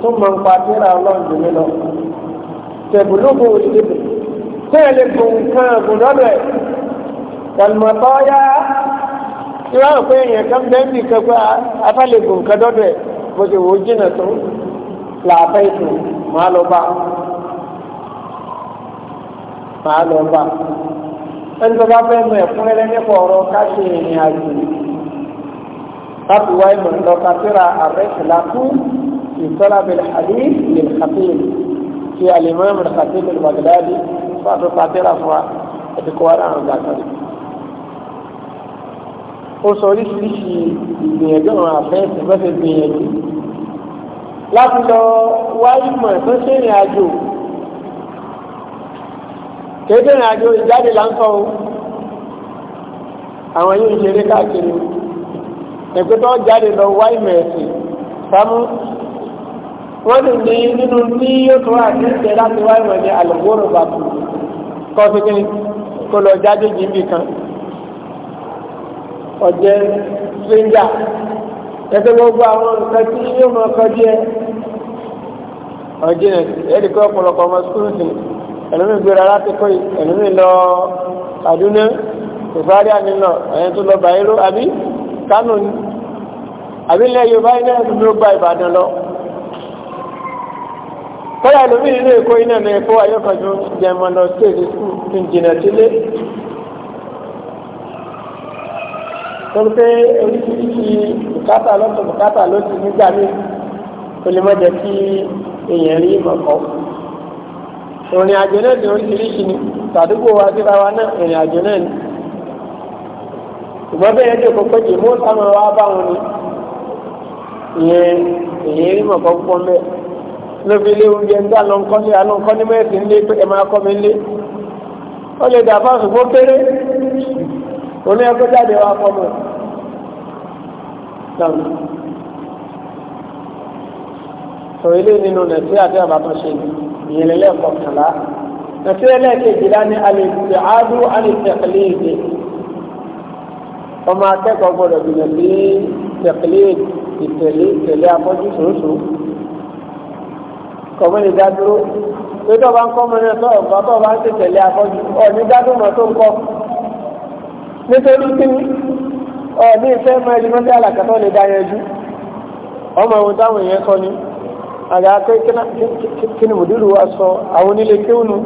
tó mọ̀ nípa tíra ọlọ́run jù mí lọ tẹ̀bùlùkù ìdìbò tẹ́lẹ̀ gùn kan gùn lọ́dọ̀ ẹ̀ tàlùmọ̀tọ́ yá ìwà òpé èèyàn kan bẹ́ẹ̀ bì kan pé afálẹ̀ gùn kan lọ́dọ̀ ẹ̀ bó ṣe wò ó jìnà tó làbẹ́ ètò màá lọ bá màá lọ bá ẹni tó bá fẹ́ mọ ẹ̀kúnrẹ́rẹ́ nípa ti alimami Khatib al-Baghdadi fún àti fatira fún wa àti kọ́wárà àrùn gàkàrí. ó sọ oríṣiríṣi ìgbìyànjú àwọn àfẹ́sì mẹ́fẹ́ gbìyànjú láti lọ wáyé mọ̀ tó ṣe ìrìn àjò kéde ìrìn àjò ìjáde là ń sọ o àwọn yóò ṣeré káàkiri ẹgbẹ́ tó jáde lọ wáyé mọ̀ ẹ̀sìn sámú wọ́n dị ní nínú tí yóò tó wà ní ìṣe láti wá ìwọ̀n ní àlùkòrò bàbù kọ́ sí kí kó lọ jáde jì bì kan ọ̀jẹ́ ẹgbẹ́ gbogbo àwọn nǹkan tí yóò mọ ọkọ díẹ̀ ọ̀jẹ́ ẹ̀dí kọ́ ọ̀pọ̀lọpọ̀ ọmọ skúlù sí gbéra láti kọ́ lọ Kaduna ìfárí àmì kọ́lá lómi ìlú èkó iná mi ẹ̀kọ́ ayọ́kọ̀jú jẹmọ́ lọ stéèdì skul tún jìnà sílé torí pé oríṣiríṣi bùkátà lọ́tọ̀ bùkátà ló ti nígbà mí kò lè má jẹ́ kí èèyàn rí ìmọ̀kọ́ ìrìn àjò náà ní oríṣiríṣi ni tàdúgbò wa síra wa náà ìrìn àjò náà ni ṣùgbọ́n bẹ́ẹ̀ tó kọ́kọ́ jì mú sáwọn wa báwọn ni ìyẹn èèyàn rí ìmọ̀kọ́ púpọ̀ mẹ́ẹ̀ lóbi ilé oúnjẹ ń dá lọ́nkọ́ ní alọ́nkọ́ ní mẹ́ẹ̀sì ń lé ẹ máa kọ́ mi lé ó lè dà fáwọn ṣùgbọ́n kéré òní ẹkọ jáde wa kọ́ mọ́ ẹ̀ sọ ilé nínú nàìjí àti àbàtàn ṣe ìyẹn lẹ́lẹ́kọ̀ọ́ kàlá nàìjí ẹlẹ́kẹ̀jìlá ní alẹ́ àádú alẹ́ ìtẹ̀kẹ́lẹ́ ọmọ akẹ́kọ̀ọ́ gbọ́dọ̀ gbìyànjú ìtẹ̀kẹ́lẹ́ ìtẹ̀lé ìtẹ̀lé afọ́jú sòósòó kọ̀mọ́ lè dá dúró pé tó bá ń kọ́ mọ́ni ọ̀tọ́ ọ̀gbà tó bá ń tẹ̀tẹ̀lé afọ́jú ọ̀ní dádùnmọ̀ tó ń kọ́ nítorí kí ni ọ̀ní ìfẹ́ mọ́ ẹni mọ́tí àlàkàtọ́ lè dá yanjú ọmọ ohun táwọn èèyàn sọ ni àgbà pé kí ni mùdúrù wa sọ àwọn onílé kéwùnú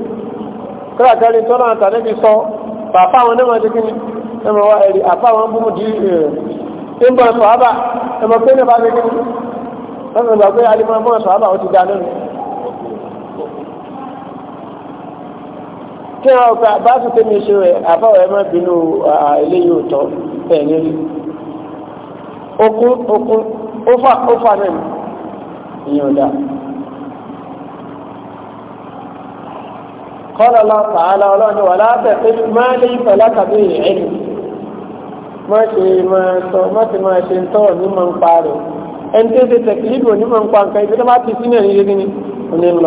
kíláàkárí tọ́nà àtàlẹ́bí sọ bàbá àwọn onímọ̀ ti kí ni ẹmọ wa ẹ̀rí àbá àwọn búmù di ìmbọ̀ sọ̀ ábà ẹmọ pé ní bá ti kí ni wọ́n sọ pé alimọ̀ bọ̀ sọ̀ ábà ó ti dá lónìí kí wọn ọkọ àbáṣe tẹmí ṣe rẹ àbáwọ ẹ má bínú eléyìí òótọ́ bẹ́ẹ̀ ní rí okun okun ó fà ó fà náà ìyẹn ọdá. قال الله تعالى ولعنه ولا تقل ما ليس لك به علم má ṣe máa sọ má ṣe máa ṣe ń tọ́ ní máa ń pa rẹ̀ ẹni tó ṣe tẹ̀kìlì bò ní máa ń pa nǹkan ibi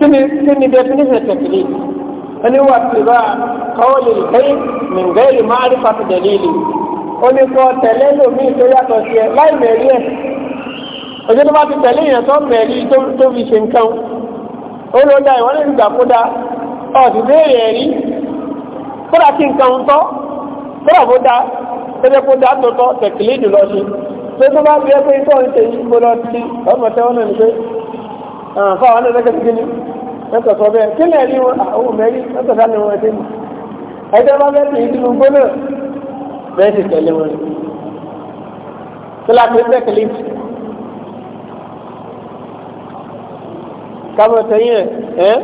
kíni kíni definition tẹ̀kìlì ẹni wà tìbá kọ́ọ̀lì lẹ́yìn mìngẹ́lì máa rí pàtó dẹ̀lílì ó ní kọ́ tẹ̀lé lómi tó yàtọ̀ sí ẹ láì mẹ̀rí ẹ̀ ọjọ́ tó bá ti tẹ̀lé yẹn tó mẹ̀rí tó fi ṣe nǹkan ó ló dá ìwọ́n lè gbà kó dá ọ̀sùn béèrè ẹ̀rí kódà kí nǹkan ń tọ́ kódà kó dá tẹ́lẹ̀ kó dá tó tọ́ tẹ̀kìlì jùlọ sí pé tó bá fi ẹ pé tó ń ṣe yí gbọ́dọ̀ sí ọmọ tẹ́wọ́n náà fáwọn náà lẹ́kẹ̀ẹ́ sí ní ẹ̀kọ́ sọ bẹ́ẹ̀ kí lẹ́ẹ̀ ní wọn àwọn mẹ́rin ẹ̀kọ́ sá ni wọn ẹ̀dẹ́ mi ẹ̀dẹ́ bá bẹ́ẹ̀ tì í sínú gbóná bẹ́ẹ̀ sì tẹ̀lé wọn. kíláàsì bẹ́ẹ̀ kìlì kámọ̀ tẹ̀yìn ẹ̀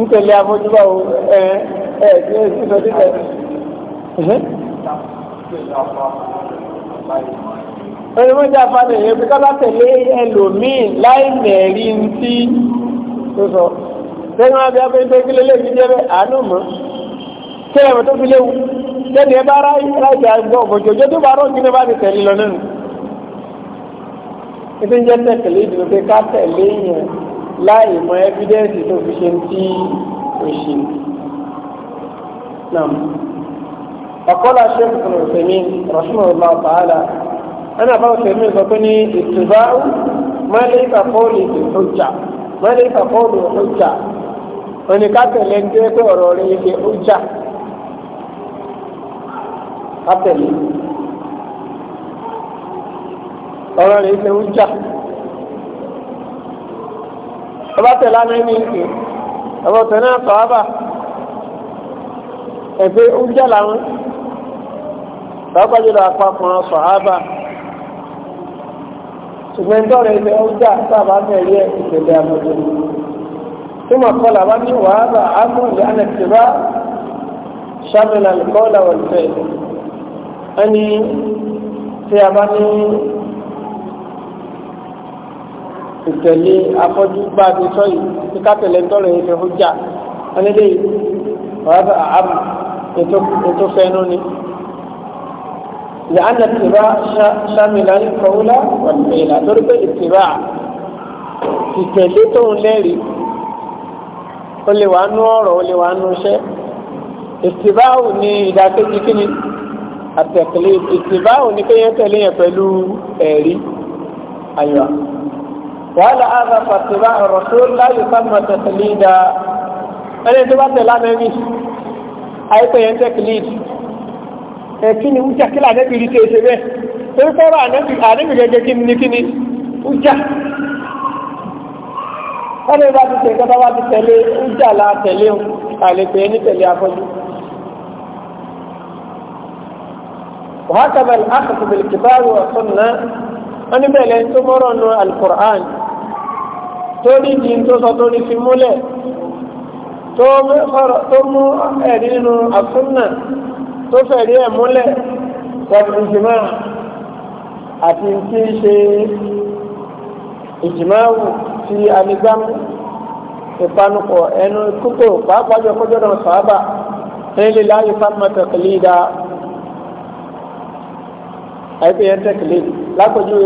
ń tẹ̀lé afọ́júbà o ẹ̀ ẹ̀ ẹ̀ ẹ̀ sísọ títẹ̀ onímọ̀jà fàdé yẹn pé kábà tẹ̀lé ẹlòmíì láì mẹ̀rí ń tí tó sọ sẹ́yìn wọn bí a pé kí lélẹ́ fi jẹ́ bẹ́ẹ̀ àánú mọ́ kí ẹ̀rọ tó fi léwu sẹ́ni ẹ bá rà láìsí àgbọ̀ òfòjò ojú tó bá rọ̀ kí ni bá ti tẹ̀lé lọ nínú. ètò ìjẹ́ tẹ̀lé ìdùnnú pé ká tẹ̀lé yẹn láì mọ ẹ́fídẹ́ǹsì tó fi ṣe ń tí òṣì ẹni àbáwọ̀ tẹ̀mí sọ pé ní ìtìbáwù mọ́lẹ́ ìfàkọ́ọ̀lù ìdìhùjà mọ́lẹ́ ìfàkọ́ọ̀lù ìdìhùjà oníkátẹ̀lẹ́ ń jẹ́ pé ọ̀rọ̀ rẹ̀ yẹ ìdìhùjà kátẹ̀lẹ́ ọ̀rọ̀ rẹ̀ yẹ ìdìhùjà ọba tẹ̀lá ní ní ìkè ọba tẹ̀lá sọ̀ ábà ẹ̀fẹ́ ìdìhùjà làwọn lọ́gbàjọ́ àpapọ̀ sọ̀ ábà ṣùgbọ́n ń dọ́rọ̀ ilẹ̀ ọjà sábà bẹ̀rẹ̀ ìṣẹ̀lẹ̀ àbúrò tí mo kọ́ làwọn ní wàhálà ámúlì ànàtìbá ṣàmìlà kọ́là wọ̀lfẹ́ ẹni tí a bá ní ìtẹ̀lé afọ́jú bá ti sọ yìí tí ká tẹ̀lé ń tọrọ ilẹ̀ ọjà ẹni lè wàhálà àmú ètò fẹ́nu ni. لأن اتباع شامل القول والفعل ضرب اتباع ìtẹ̀lé tó ń lẹ́rìí ó lè wà nú ọ̀rọ̀ ó lè wà nú iṣẹ́ ìtìbáwò ni ìdákejì kíni àtẹ̀kẹ́lé ìtìbáwò ni kéèyàn tẹ̀lé yẹn pẹ̀lú ẹ̀rí ayọ̀ wàhálà àgbà pàtìbá ọ̀rọ̀ tó láyé sábà tẹ̀kẹ́lé dá ẹni tó bá tẹ̀lé àmẹ́bí ayé pé yẹn tẹ̀kẹ́lé dì ẹ̀kí ni wújà kí lànẹ́bì rí tẹ́ẹ̀ṣẹ́ bẹ́ẹ̀ torí fọ́rọ̀ ànẹ́bì gẹ́gẹ́ kí ni kí ni wújà ọ̀rẹ́ bá ti tẹ̀lé bá ti tẹ̀lé wújà la tẹ̀lé o àlepẹ̀ ẹni tẹ̀lé afọ́jú وهكذا الأخذ بالكتاب والسنة أنا بلا تمرن القرآن تولي دين تصدوني في مولى توم فرق توم أدين السنة tó fẹ̀rí ẹ̀ múlẹ̀ pẹ̀lú ìjìmá àti tí í ṣe ìjìmáwù ti anigbámú ìpanupọ̀ ẹnu kútó pàápàá jọ kọjọ́ náà sábà nílé láyé fáwọn tẹ̀kìlì dá àìpé yẹn tẹ̀kìlì lápẹjú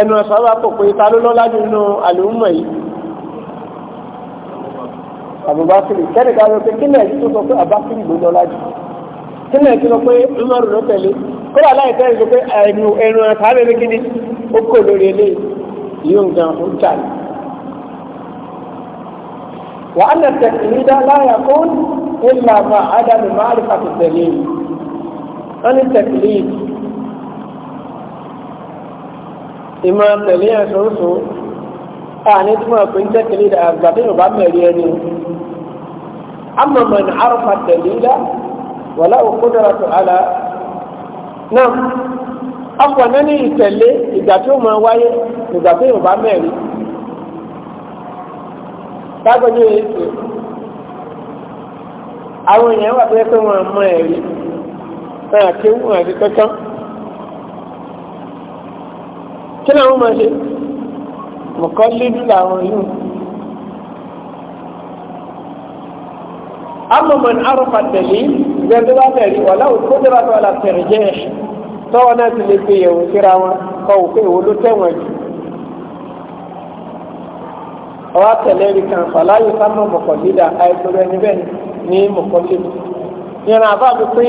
ẹnu sábà kò pé ta ló lọ́lá nínú àlùmọ̀ yìí àbúbákiri kẹ́nìkan ló pé kí náà tó sọ pé àbákiri ló lọ́lá jù sílẹ̀ tí wọ́n pé Umaru ló tẹ̀lé kódà láì tẹ́lẹ̀ sọ pé ẹnu ẹnu ẹ̀ka lórí kíni ó kò lórí eléyìí yóò gan ó jà ní. wà á nàtẹ̀ ìrídá láyà kó ìlà ma ádámù máa rí pàtó tẹ̀lé yìí wọ́n ní tẹ̀lé ìmọ̀ tẹ̀lé yẹn sòròsò àní tí wọ́n pè ń tẹ̀lé àgbàdo yorùbá mẹ́rin ẹni. àmọ̀ ní àrùfà tẹ̀lé yìí wọ̀lá òkúdọ̀rọ̀ tó àlà náà ọkọ̀ náà ní ìtẹ̀lé ìgbà tí ó máa wáyé ìgbà tí yorùbá mẹ́rin dágbọ́jú èsì àwọn èèyàn wà tó yẹ pé wọ́n mọ ẹ̀rí wọn àti wọn àti kankan kí làwọn máa ṣe mọ̀kọ́ lídú làwọn yìí amọ̀mọ̀n arọ́fà tẹ̀lé gbẹ̀dọ́ bá tẹ̀lé wàlá òkú tó bá tọ́ la tẹ̀lé jẹ́ tọ́wọ́ náà ti lè fi yẹ̀wò síra wọn kọ́ òkú ìwò ló tẹ̀wọ̀n jù. ọwọ́ tẹ̀lé rí kan fàlàyé sámọ̀ mọ̀kànlélà àìsàn ẹni bẹ́ẹ̀ ní mọ̀kànlélà. ìrìn àbá mi pé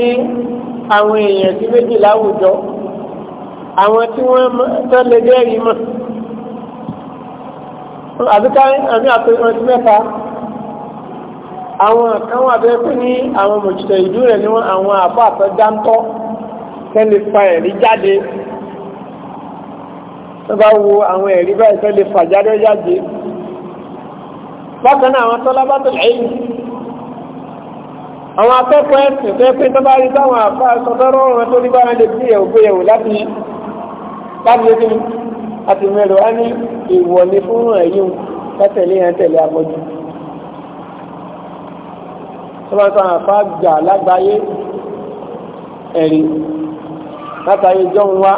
àwọn tí wọ́n tọ́ lè dẹ́rìí mọ̀ àbíká àmì àpè wọn ti àwọn kan wà bẹ́ẹ̀ pé ní àwọn mọ̀jìtẹ̀ ìlú rẹ̀ ni wọ́n àwọn àbá àfẹ́ dáńtọ́ tẹ́lẹ̀ fa ẹ̀rí jáde tó bá wo àwọn ẹ̀rí báyìí tẹ́lẹ̀ fà jáde jáde bákan náà àwọn tọ́lá bá tẹ̀lé yìí àwọn akẹ́kọ̀ọ́ ẹ̀sìn tó pé tó bá rí táwọn àfa sọdọ́rọ́ ọ̀rọ̀ tó rí bá wọn lè bí ẹ̀wò láti láti tọ́lá tó àwọn afá gbà lágbàáyé ẹ̀rí látàrí jọ́hún wá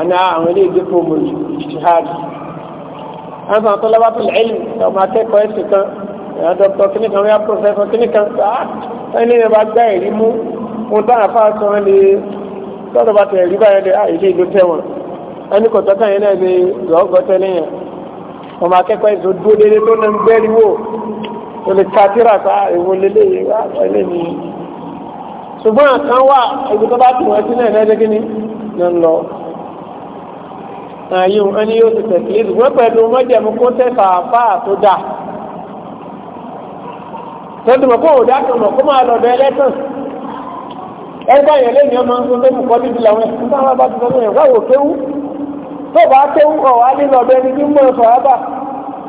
àná àwọn ilé ìdíkò mọ̀lù ìṣìhàd àwọn àwọn tọ́lá bá tó lẹ́yìn ọmọ akẹ́kọ̀ọ́ ẹ̀sìn kan ẹ̀yà dọ́kítọ̀ kínní kan wíyá pọ̀fẹ́sọ̀ kínní kan sọ á ah, ẹni ìrìn bá gbá ẹ̀rí mú ohun táwọn afá sọ wọn lè tọ́lá bá tẹ̀ rí báyọ̀ lé ah, ilé ìlú tẹ̀wọ̀n ẹni kò tọ́ka yẹn náà lè lọ́gọ́tẹ́ lẹ́yìn ọmọ akẹ́kọ̀ọ́ ẹ̀sìn dúró déédéé tó náà ń gbẹ́rí wò o lè ka tíra pa èwo lélẹ̀ yìí wá ẹlẹ́ ni ṣùgbọ́n kan wà ibi tó bá tù wọ́n sílẹ̀ lẹ́dẹ́ kí ni ló ń lọ. ààyè wọn ni yóò ti tẹ̀sí ṣùgbọ́n pẹ̀lú mọ́jẹ̀mú kó tẹ̀sà àfà tó dà tẹ́tùmọ̀ kó òdà kan mọ̀ kó máa lọ bẹ ẹlẹ́tàn ẹgbẹ́ yẹn lé ní ọmọ nǹkan tó mú kọ́ níbi làwọn ẹ̀sìn táwọn bá ti sọ fún yẹn wáwò kéwú tó bá kéwú ọ̀ wá nílọ bẹ ẹni tí ń mọ̀ ẹ̀fọ́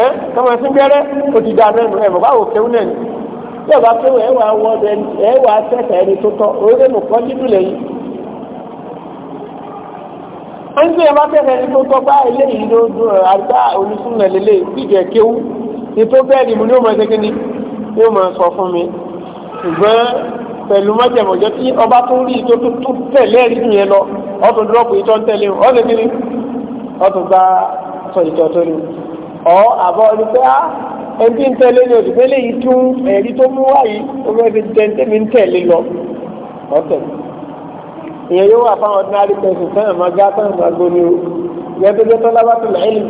ẹ kọ́mọ sí gbẹ́rẹ́ o ti da mẹ́nu ẹ̀ bàbá wò kéwú náà ni bí ọba kéwú ẹ wà wọ ọdẹ ẹ wà sẹ́sẹ̀ ẹni tó tọ́ orílẹ̀ nù kọ́ dídùn lẹ́yìn. wọ́n ti yẹ bá sẹ́sẹ̀ ẹni tó tọ́ bá eléyìí ló dùn ẹ̀ àgbà onísùnà lélẹ̀ ìjẹ́ kéwú ni tó bẹ́ẹ̀ ni mo ní ó máa ṣe ni yóò máa sọ fún mi ṣùgbọ́n pẹ̀lú májèmọ̀jọ́ tí ọba tó rí tó tẹ̀lé ẹ̀rí yẹn ọ̀ àbọ̀ ọdún pé á ah, ẹbí ń tẹ̀lé ní òdùgbé léyìí tún ẹ̀rí tó mú wáyé ó fẹ́ fi tẹ̀ǹtẹ̀ mi ń tẹ̀lé lọ ọ̀tẹ̀ ìyẹn yóò wà fáwọn ordinary person sẹ́yìn máa gá sẹ́yìn máa gbóni o gẹ́gẹ́ tó lábá tó lẹ́yìn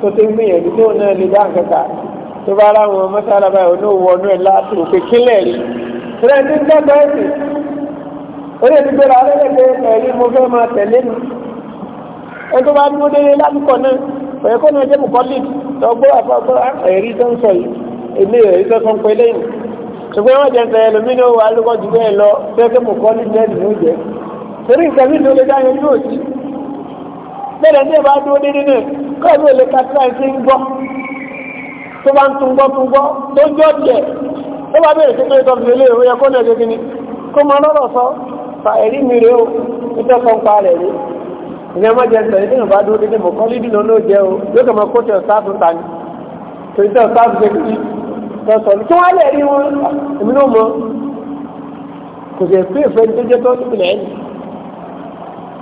tó ti ń gbìyànjú tó náà lè dá àkàkà tó bá ara wọn mọ́sálà báyìí oníwọ̀ ọdún ẹ̀ láti òkè kílẹ̀ rí rẹ̀ ní gbẹ́gbẹ́ ẹ̀sìn ó lè ti gbéra ọlọ́lẹ́gbẹ́ ẹ̀rí mo fẹ́ ọ̀yẹ́ kọ́ ní ọjọ́ mùkọ́lì tó gbọ́ àfọ́gbọ́ ah, ẹ̀rí tó ń sọ yìí èmi ẹ̀rí tó kàn pé lẹ́yìn ṣùgbọ́n wọ́n jẹ́ sẹ ẹlòmínú alúkọ́ jù bẹ́ẹ̀ lọ pẹ́ẹ́kẹ́ mùkọ́lì nẹ́ẹ̀dì ló jẹ́ torí nǹkan mi ló lè dá yẹn yóò jí bẹ́ẹ̀ ní ìbá dúró dédé náà kọ́ọ̀bù bá ń tún gbọ́ tún gbọ́ tó jọ́ jẹ́ tó bá bẹ̀rẹ̀ sí pé tó fi lè ẹkọ́ náà gẹ́gẹ́ kó máa lọ́rọ̀ sọ fa ẹ̀rí mi rèé o nítorí kan pa rẹ̀ rèé ní ẹmọ jẹ sọ ìdíyàn bá dúró dédé mọ̀kọ́ lídì lọ náà jẹ́ o yóò kàn máa kó tẹ̀ ọ̀sáàfù ta ni torí tẹ̀ ọ̀sáàfù ṣe kí tẹ̀ sọ ní kí wọ́n lè rí wọn èmi náà mọ̀ kò sì pé ìfẹ́ tó jẹ́ tó ti bìlẹ̀ ẹ̀yìn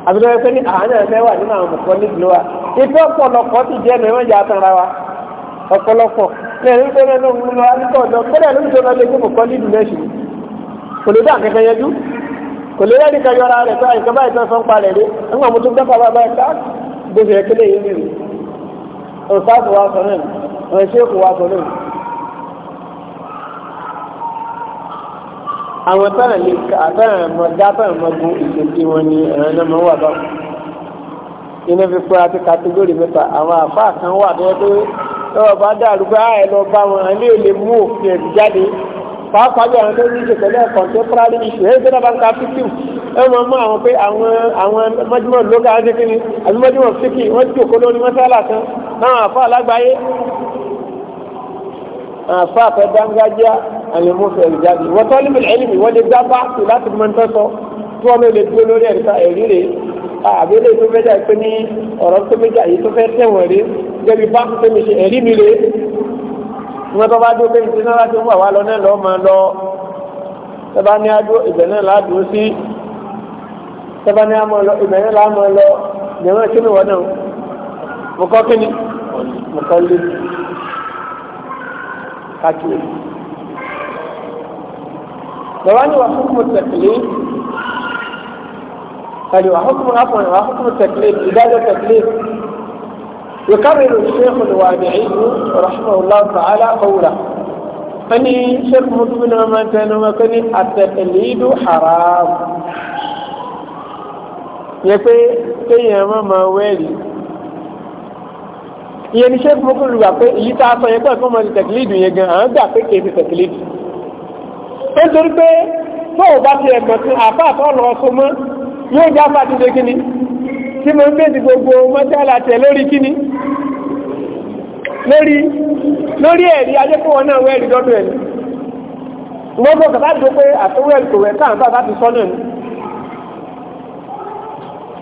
àbúrò ẹgbẹ́ ní àánà ẹgbẹ́ wà nínú àwọn mọ̀kọ́ lídì lọ́wọ́ ìfẹ́ ọ̀pọ̀lọpọ̀ ti jẹ́ ẹ̀mẹ́ wọ́n jẹ́ atanra wa ọ̀pọ̀lọpọ̀ lẹ́yìn tó lẹ́nu lọ́wọ́ kò lè rẹ́ẹ̀dì kan yọra rẹ̀ pé àìsàn báyìí tán sọ́n parẹ̀ dé nígbà mo tún dábàá báyìí ká gbèsè kéde yìí nìyí òṣàtò wa sọ náà ọ̀rẹ́ sí èkó wa sọ náà. àwọn tẹ́lẹ̀ lè ka àtẹ́lẹ̀ mọ dá tẹ́lẹ̀ mọ gun ìṣèṣì wọn ni ẹ̀rọ náà mọ wà báwọn. iná fi pé àti kàtígórì mẹ́ta àwọn àfáà kan wà tó yẹ pé lọ́wọ́ bá dàrú pé àìlọ́ bá wọn àní ò lè mú òfin ẹ̀ pàápàá bí àwọn tó ní ṣe pẹ̀lú contemporary issue èyí tó náà bá ń ka fíkìm ẹ máa mú àwọn pé àwọn àwọn mọ́júmọ́ lóga ṣe kí ni àbí mọ́júmọ́ fíkì wọ́n ti òkú lórí mọ́sálà kan náà àfa alágbáyé àfa àfẹ́dángájá àlèmọ́fẹ́ ìjáde wọ́n tọ́lú mi ẹ̀lìmí wọ́n lè dábà tó láti mọ́ ń tọ́sọ tí wọ́n lè dúró lórí ẹ̀ka ẹ̀rí rè àbẹ́lẹ̀ tó fẹ́ jà pé ní ọ̀rọ̀ tó fẹ́ jà yìí tó fẹ́ tẹ̀wọ̀n rè gẹ́gẹ́ bá tó fẹ́ mi ṣe ẹ̀rí mi rè ìwọ́n tó bá dó pé ìdí náà láti ń wà wá lọ náà lọ́ọ́ máa lọ tẹ́bá ní adó ìbẹ̀ náà ládùú sí tẹ́bá ní amọ̀ lọ ìbẹ̀ náà lámọ̀ lọ ìbẹ̀rẹ̀ kí ni wọ́n náà mo kọ́ kí ni mo kọ́ lé káàkiri. Bàbá ni wà hukumu tẹ̀kílé kàlí wà hukumu afọ̀nà wà hukumu tẹ̀kílé ìdájọ́ tẹ̀kílé. يكرر الشيخ الوادعي رحمه الله تعالى قوله أني شيخ مدمن ما تنمكني التقليد حرام يكي كيما ما ويلي ìyẹn ni ṣé gbogbo olùgbà pé èyí tá a sọ yẹn pé ẹ̀kọ́ máa ti tẹ̀kílìdù yẹn gan àwọn gbà pé kèé ti tẹ̀kílìdù ó torí pé tó o bá ti ẹ̀gbọ̀n tí àbá àtọ́ lọ sọ mọ́ yóò já fàtidé kíni tí mo ń gbèsè gbogbo mọ́tálà tẹ̀ lórí kíni lórí lórí ẹ̀rí ajé fún wọn náà wẹ́ẹ̀rí lọ́dọ̀ ẹ̀rí gbogbo kàtà tó pé àtúwẹ̀ kò wẹ̀ káà bá ti sọ náà ni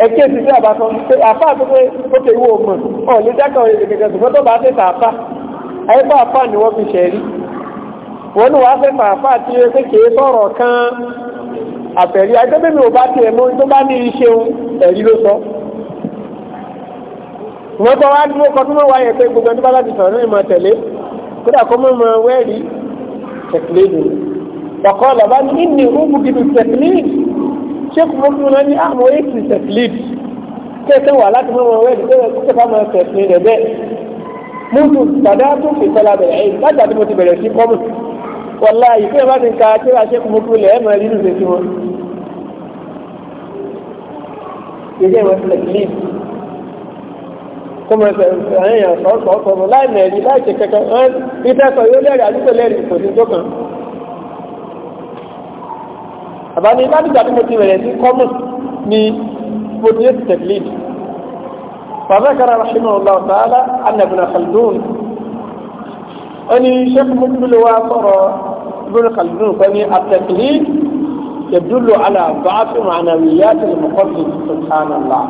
ẹ̀kẹ́ ti sí àbáfọ́ pé àfá tó pé ó pè wó mọ̀ ọ̀ lè dákọ̀ èdè kẹ̀kẹ́ ṣùgbọ́n tó bá fẹ́ fà àfá àyíkọ́ àfá ni wọ́n fi ṣẹ̀rí wọ́n ní wàá fẹ́ fà àfá tí ó pé kìí sọ̀rọ̀ kan àfẹ̀rí àjẹ́bẹ̀mí ò bá tiẹ̀ mú tó bá ní iṣẹ́ òun ẹ̀rí ló sọ wọ́n tọ́ wá dúró kọ́ tó mọ̀ wáyé pé gbogbo ẹni bá láti sọ̀rọ̀ náà máa tẹ̀lé kódà kó mọ̀ máa wẹ́ẹ̀rí tẹ̀kílẹ́dù ọ̀kọ́ làbá ní ìní rúbù gidi tẹ̀kílẹ́dù ṣé kò mọ̀ fún wọn ní àmọ́ èsì tẹ̀kílẹ́dù kẹ́kẹ́ wà láti mọ̀ máa wẹ́ẹ̀rí kókè fá máa tẹ̀kílẹ́ rẹ̀ bẹ́ẹ̀ mútu tàdá tó fi sọlá bẹ̀rẹ̀ ẹ̀yìn láti àti mo ti bẹ̀rẹ̀ sí kọ́mù wọ́lá ìfẹ́ bá ti ka tí wàá ṣe kò mọ̀ fún ilẹ̀ ẹ̀ máa rí nù kuma ẹ̀yàn sọ́ọ̀sọ̀ ọ̀sọ̀rọ̀ láìmẹ̀ ẹ̀rí láìṣẹ́ kẹkàrán ìtẹ́kọ̀ọ́ ابن خلدون فني التقليد يدل على ضعف معنويات المقدس سبحان الله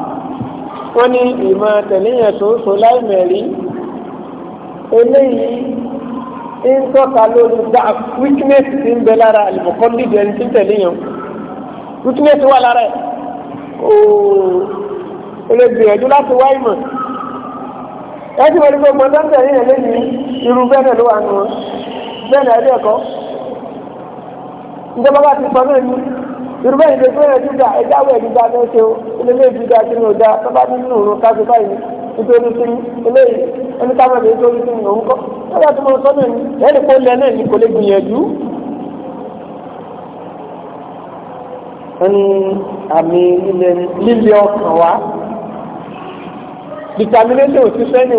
wọ́n ní ìmọ̀ tẹ̀léyàn tó ń so láìmẹ̀rí eléyìí ń tọ́ka lórí dá weakness ti ń bẹ lára àlùmọ̀kọ́ nídìí ẹni tí ń tẹ̀léyàn weakness wà lára ẹ̀ ó lè gbìyànjú láti wá ìmọ̀ ẹ ti wọlé gbogbo ọdún tẹ̀léyàn lẹ́yìn irú bẹ́ẹ̀ ló wà nù ọ́ bẹ́ẹ̀ ni ẹ̀dẹ́kọ́ ìjọba bá ti sọ náà ní yorùbá yìí lè bẹ̀rẹ̀ dídá ẹja awọ ẹ̀dídá ní ṣe o eléyìí dídá kí ni ọjà tọ́ba ní nínú òun káṣí báyìí nítorí kí ni eléyìí ẹni táwọn ẹ̀dẹ̀ nítorí kí ni òun kọ́ lọ́wọ́ àti mo sọ náà ni ẹni kó lẹ náà ni kò lè gbìyànjú. wọ́n ní àmì líle ọkàn wa determination ò ti fẹ́ ni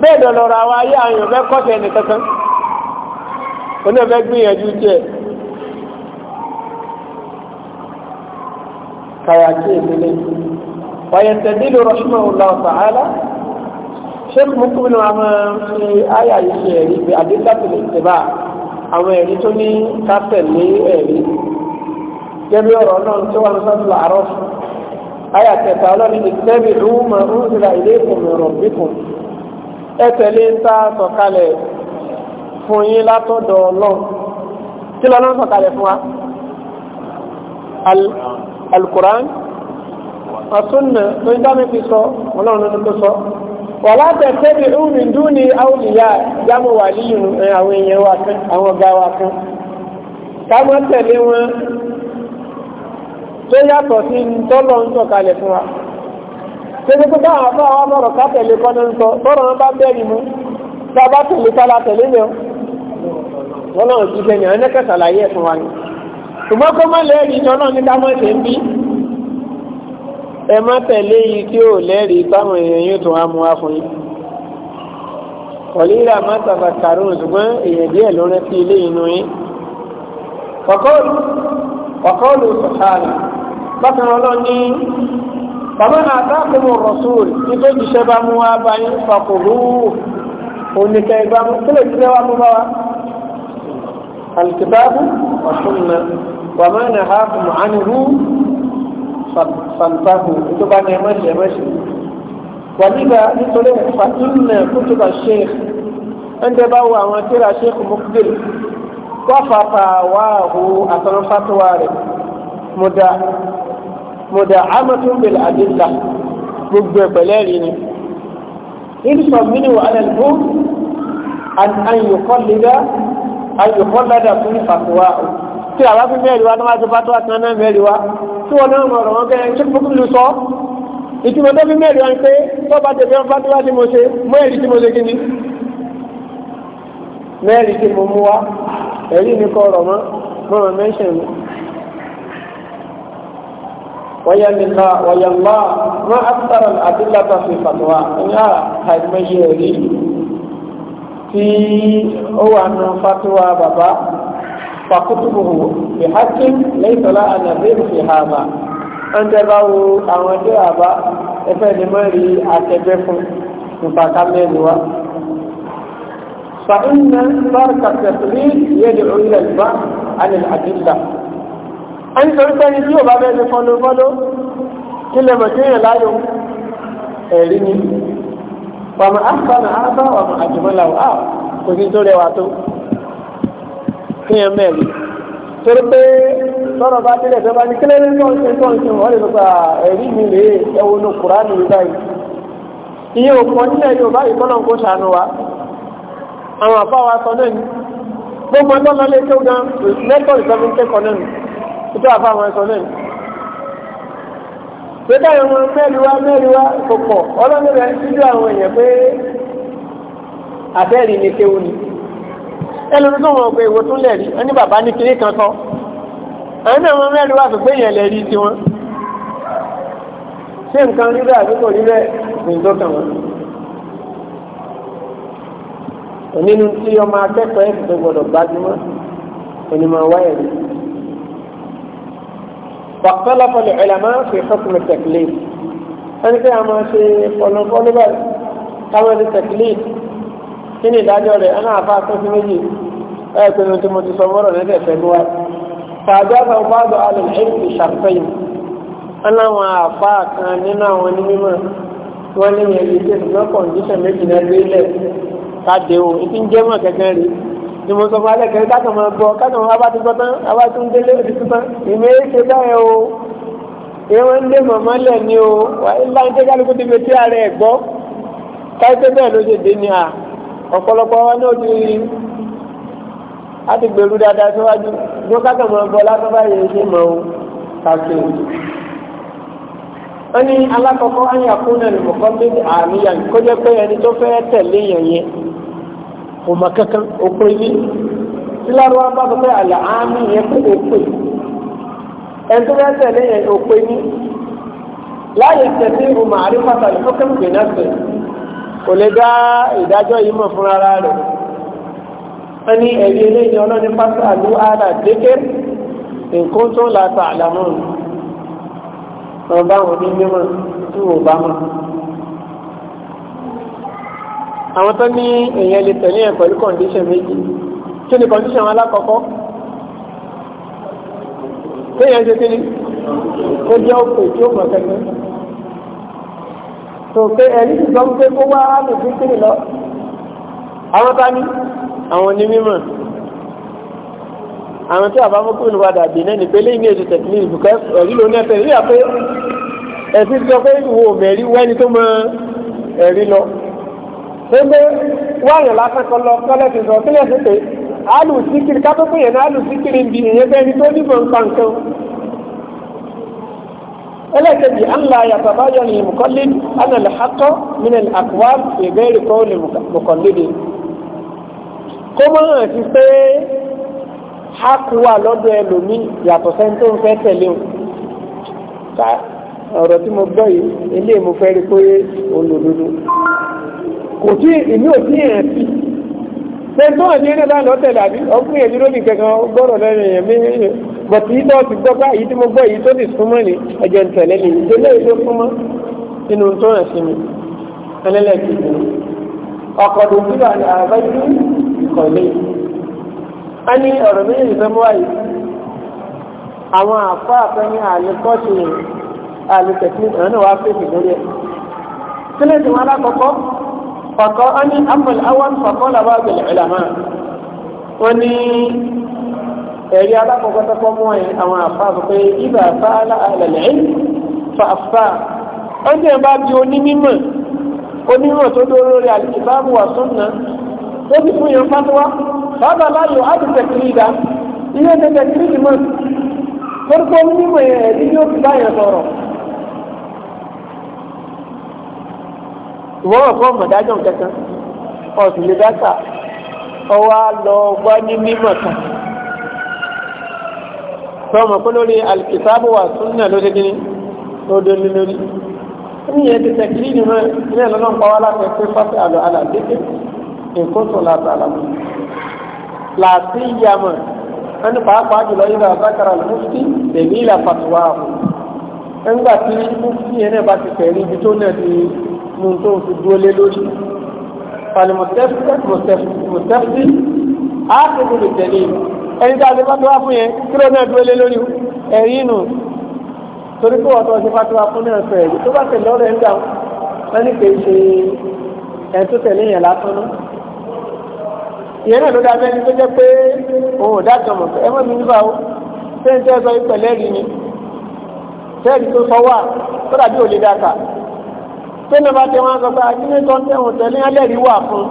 bẹ́ẹ̀ dọ̀lọ́ra wa ayé àwọn èèyàn fẹ́ kọ́ kàyàkí ìpínlẹ̀ wàyẹ̀tẹ̀dílò rọ̀ṣùmọ̀ ọ̀làọ̀tàhálà sheikh mukuminu a máa fi àyà iṣẹ́ ẹ̀rí bí adékàtìlẹ̀ ìtẹ̀bà àwọn ẹ̀rí tó n'i kátẹ̀lé ẹ̀rí gẹ́bí ọ̀rọ̀ náà tó wà ní sọ́tùlà àárọ̀ àyà kẹta ọlọ́ni ìtẹ́bì rúmọ̀ rúzìlà ilé ìkùnmọ̀ rọ̀bìkùn ẹ tẹ̀lé ń ta kí alukuran asunna tó ń dámi fi sọ ọlọ́run ló tó sọ wàlá tẹ̀sẹ̀ bí umi dúni awùlíyà jámọ̀ wà líyìn àwọn èèyàn wa kan àwọn ọ̀gá wa kan káwọn tẹ̀lé wọn tó yàtọ̀ sí tọ́lọ̀ ń sọ̀kalẹ̀ fún wa tẹ́lẹ̀ tó bá àwọn afọ́ àwọn ọ̀rọ̀ ká tẹ̀lé kọ́nà ń sọ tọ́rọ̀ wọn bá bẹ́ẹ̀ ni mú tá a bá tẹ̀lé kálá tẹ̀lé mẹ́wọ́n lọ́nà òṣìṣẹ́ ni àwọn ẹ̀kẹ́ sàlàyé ẹ̀fún wa ni ṣùgbọ́n kó má lẹ́rìí tọ́nà ní dámọ́ ṣe ń bí ẹ má tẹ̀lé yìí tí ò lẹ́rìí táwọn èèyàn yóò tún á mú wá fún yín kọ̀líra má tàbà kàrún ṣùgbọ́n èèyàn díẹ̀ ló rántí ilé inú yín ọ̀kọ́ọ̀lù sọ̀tàlù bákan ọlọ́run ní bàbá náà dákùnmù rọ̀súùlù ní tó jíṣẹ́ bá mú wá báyìí fàkùrú oníkẹ́ ìgbàmú kílè tí wá mú bá wa alkitabu wa sunna wa ma nahakum anhu fantahu tó bá ní ẹmẹ́sì ẹmẹ́sì wà nígbà nítorí fàtúnà kútùbà sheikh ẹ̀ńdẹ́ bá wo àwọn tíra sheikh mukbil wàfàfà wàhù àtàlùfàtúwà rẹ̀ mùdà mùdà amatu bil adilla gbogbo ẹgbẹ̀lẹ́ rí ni ilfọ̀ mínú alẹ́lbú an ayùkọ́ lida ayò kọ́ládà fún ìfàkùwà o tí àwa fi mẹ́rin wa náà ti bá tó àti náà mẹ́rin wa tí wọn náà mọ̀ràn wọn bẹ́ẹ̀ tí fúnkú lu sọ ìtumọ̀ tó fi mẹ́rin wa ń pé tọ́ba tẹ̀lé wọn fàtí wá tí mo ṣe mẹ́rin tí mo ṣe kí ni mẹ́rin tí mo mú wa ẹ̀rí mi kọ́ ọ̀rọ̀ mọ́ mọ́ràn mẹ́ṣẹ̀ mi. wọ́yẹ̀lá wọ́yẹ̀lá wọ́n á sára àdílàtà fi fàtí wa ń yára àìmọye ẹ̀rí tí ó wà nù fatuwa bàbá fàkútùbùhù ìhákí lẹ́yìntọ́lá ànàbẹ́rù fi hà mà ń tẹ́lá wo àwọn ẹgbẹ́ àbá ẹfẹ́ ni mọ́ rí akẹgbẹ́ fún nípa wa. فإن ترك التفريق يدعو إلى البحث عن الأدلة ẹni sọ wípé ẹni tí ò bá bẹ́ẹ̀ ní fọ́nú fọ́nú kí lè mọ̀ wàmù àfààní àbá wàmù àjùmọ̀lá wà kò sí tó rẹwà tó kéèyàn mẹ́rin torí pé sọ̀rọ̀ bá délẹ̀ tó bá ní kílẹ̀ ní tọ́hún ṣe tọ́hún ṣe wọ́n lè sọ pé ẹ̀rí mi lè ẹwọ́ ní kùránì yìí báyìí iye òpó nílẹ̀ Yorùbá yìí kọ́nà kó ṣàánú wa àwọn àbá wa sọ náà ni gbogbo ẹgbọ́n lọ tó gan mẹ́tọ̀ ìsọ́mi ń kẹ́kọ̀ọ́ náà ni ìtọ́ àbá wọn sọ náà ni pé báyìí wọn mẹ́rin wá mẹ́rin wá kò pọ̀ ọlọ́mọdé ń ṣíjú àwọn èèyàn pé àbẹ́rì ni kéwu ni ẹlòmí tó wọn pé ìwò tún lẹ̀rí wọn ní bàbá ní kiri kan kan àwọn náà wọn mẹ́rin wá sọ pé èèyàn lẹ̀rí tiwọn ṣé nǹkan rí bẹ́ẹ̀ àbí kò rí bẹ́ẹ̀ kò ní dọ́kàn wọn. onínú tí ọmọ akẹ́kọ̀ọ́ ẹ̀ tó gbọdọ̀ gbájúmọ́ onímọ̀ wáyẹ̀ rí. واختلف العلماء في حكم التكليف ẹni pé a máa ṣe fọlọfọlọ báyìí káwọn ẹni tẹkílíìf kí ni ìdájọ́ rẹ̀ ẹ náà fa akọsí méjì ẹ pé ní tí mo ti sọ mọrọ ní ẹsẹ bí wá fàájá kan bá dọ alẹ ẹni ti ṣàfẹyìn ẹ láwọn àfa kan nínú àwọn onímọ̀ wọn ní ìyẹn yìí tẹsán ni mo sọ fún alẹ́ kẹrin káàtó máa gbọ́ káàtó máa bá ti gbọ́ tán àbá tún délé tún tán ìmọ̀ èyí ṣe o ìwọ ń lé màmá ni o ń lóko tí ara ẹ̀ gbọ́ káyọ̀tẹ́ bẹ́ẹ̀ ló ṣe dé ni ọ̀pọ̀lọpọ̀ náà ti a ti gbèrú dáadáa síwájú ní ó káàtó máa gbọ́ lásán báyìí ṣe mọ̀ o wọ́n ní alákọ̀ọ́kọ́ kò mọ̀ kankan òpè ní síláàrọ̀ bá sọ pé àlà ámì yẹn pé òpè ẹni tó bẹ́ẹ̀ tẹ̀lé yẹn òpè ní láyé tẹ̀sí ìhùn màálí pàtàkì fún kẹ́mìkì náà sẹ̀ kò lè dá ìdájọ́ yìí mọ̀ fúnra rẹ̀ wọ́n ní ẹ̀rí eléyìí ọlọ́ni pásítọ̀ àlú àdà dékè nǹkan tó la ta àlámọ́ ọ̀nà báwọn onímọ̀ tí wọ́n bá mọ̀ àwọn tó ní èèyàn lè tẹ̀lé yẹn pẹ̀lú kọ̀ǹdíṣàn méjì kí ni kọ̀ǹdíṣàn wọn alákọ̀ọ́kọ́ kéèyàn ṣe kíni ó jẹ́ òkè tí ó mọ̀ kẹ́kẹ́ tó pé ẹ̀rí ti sọ pé kó wá lè fi kíni lọ àwọn tá ní àwọn ní mímọ̀ àwọn tí àbá mọ́kùnrin ní padà dì náà ní pé lẹ́yìn ní èdè tẹ̀kílì ìbùkẹ́ ẹ̀rí ló ní ẹ̀fẹ̀ rí àpé ẹ̀sìn sọ pé ìwò mẹ́rí wẹ́ni tó mọ ẹ̀rí lọ pépé wáyà lásán kan lọ kọ́lẹ́ ti sọ kílẹ̀ sí pé àlù síkiri ká tó pè yẹn ní àlù síkiri ń bi èyàn bẹ́ẹ̀ ni tó nímọ̀ nǹkan kan. ẹlẹ́kẹ̀bi ànlá yàtọ̀ báyọ̀ ní mùkọ́lé ànàlẹ́ akọ́ mílẹ̀ àkùwá ìbéèrè kọ́ ní mùkọ́lé ni. kó mọ̀ hàn sí pé akùwà lọ́dọ̀ ẹlòmíì yàtọ̀ sẹ́ńtò ń fẹ́ tẹ̀lé o ọ̀rọ̀ tí mo gbọ́ yìí ilé mo fẹ́ rí pé olùdúdú kò tí ìlú ò tí tẹ́tọ́ ní ẹni lánàá tẹ̀lé àbí ọkùnrin èdè lórí kankan gbọ́rọ̀ lẹ́nu èèyàn méjèèjì bọ̀tí yìí tó ti gbọ́ bá yìí tí mo gbọ́ yìí tó ti súnmọ́ ni ẹ̀jẹ̀ ń tẹ̀lé súnmọ́ tó sí mi ọkọ̀ tó wà ìkọ̀lé a ní ọ̀rọ̀ mú wáyé àwọn àlùkẹ̀kí fàkọ́ ọ́nì amọ̀lẹ̀ àwọn fàkọ́ làwọn àgbẹ̀lẹ̀ ìlànà wọ́n ní ẹ̀rí alákọ̀ọ́kọ́ tó kọ́ mọ́ ẹ̀ àwọn àfa sọ pé ibà fa alàlẹ̀ ẹ̀ fa àfa ó jẹ́ bá di onímọ̀ onímọ̀ tó dóró rẹ̀ àlìkìbáàbù wà sọ́nà ó sì fún yẹn fásiwá bàbá láyò á ti tẹ̀kìrì dá ilé tẹ̀kìrì mọ́ lórúkọ onímọ̀ ẹ̀rí yóò fi báyẹn sọ̀rọ̀ ìwọ́n rọ̀ fọ́ọ̀mù dájọ́ kankan ọ̀sùn lè dáta ọwọ́ á lọ wá ní mímọ̀ kan sọmọ kó lórí alìkìsáàbù wà súnà lórí gíní lórí lórí lórí ní yẹn ti tẹ̀kìlì ní mọ́ ní ẹ̀lọ́nà pọ̀ wá láti ẹ̀kọ́ fásitì àlọ́ alàdékè nǹkan tó láti àlàmù láti yàmọ̀ ẹni pàápàá jùlọ yìí bá bákàrà mufti tẹ̀lé ìlà fàtúwà ọ̀hún ẹgbà tí mufti ní tó fi dúó lé lórí palimọ̀tẹ́fì áàkùnkù lè tẹ̀lé ẹni tí a ti fatuwa fún yẹn kí ló náà dúó lé lórí ẹ̀rí nù torí pé ọ̀tọ̀ ṣe fatuwa fún náà sọ ẹ̀rí tó bá tẹ̀lé ọ̀rẹ́ ń dà wọ́n ní kì í ṣe ẹ̀ tó tẹ̀lé yẹn lásán náà ìyẹn náà ló dá bẹ́ẹ̀ ni tó jẹ́ pé òun ò dájọ́ mọ̀ ẹ mọ́ mi nígbà tó lè bá tẹ wọn sọ pé akínyẹtọ tẹwọn tẹlẹ ẹlẹrìí wà fún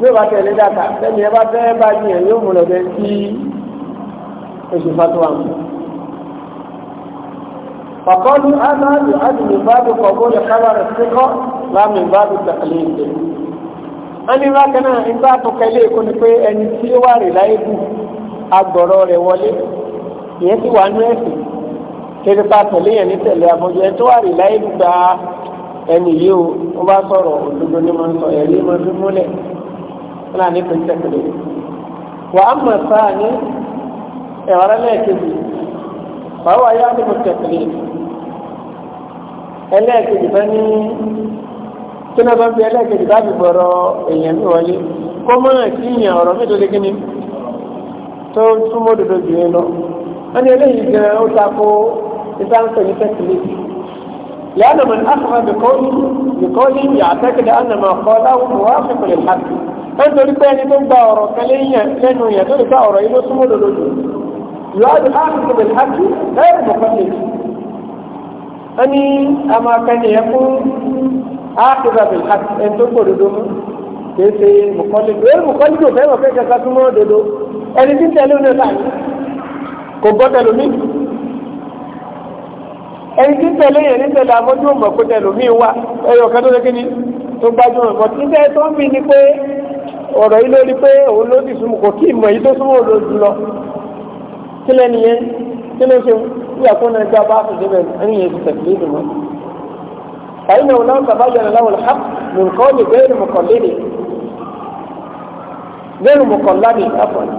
bí o bá tẹlẹ dàkà lẹni ẹ bá fẹ bá yẹn yóò mú lọ bẹ tí oṣù fatuwa mu. فقالوا أنا يؤد من باب قبول خبر الثقة لا من باب التقليد ẹni bákan náà nígbà tó kẹlé kó ni pé ẹni tí ó wà rè láyé bù agbọ̀rọ̀ rẹ̀ wọlé ìyẹn sì wà nú ẹ̀sìn kéde pa tẹ̀lé yẹn ní tẹ̀lé àmọ́jọ ẹ tó wà rí láyé gba ẹnì yìí o wọ́n bá sọ̀rọ̀ òdodo ní ma sọ ẹ̀rí ma fi múlẹ̀ fúnà ní kò ń tẹ̀lé wà á mọ̀ sáà ní ẹ̀wọ̀n lẹ́ẹ̀kejì wà á wà yá ní kò tẹ̀lé ẹlẹ́ẹ̀kejì bá ní tí wọ́n fi ẹlẹ́ẹ̀kejì bá fi gbọ́rọ̀ èèyàn mi wọlé kó mọ̀ ìyàn ọ̀rọ̀ mi tó kíni tó túmọ̀ òdodo jù كتابة لتسليم لأن من أخرى بقول بقول يعتقد أن ما قاله موافق للحق أنت لك أن يكون دور كلية لأنه يدور دور إلى سمود الوجود يؤدي حافظ بالحق غير مقلد أني أما كان يكون حافظ بالحق أن تنقل دوما كيسي مقلد غير مقلد غير مقلد غير مقلد غير مقلد أني تنتهي لون الحق كبتل منك ẹni tí ń tẹ̀lé yẹn ní tẹ̀lé amójú òmò kó tẹ̀lú mí wá ẹyọ kan lẹ́kí ni tó gbájúmọ̀ pọ̀ tí tẹ́ tó ń bí ni pé ọ̀rọ̀ yìí lórí pé òun ló ti súnmù kò kí ìmọ̀ yìí tó súnmù òdo jùlọ kí lẹ́ni yẹn kí ló ṣe wíyà kó náà gbá bá a fìdí bẹ́ẹ̀ ẹni yẹn ti tẹ̀lé ìdùnnú. kàyí náà láwọn sábà yẹn láwọn ha nǹkan lè bẹ́ẹ̀rù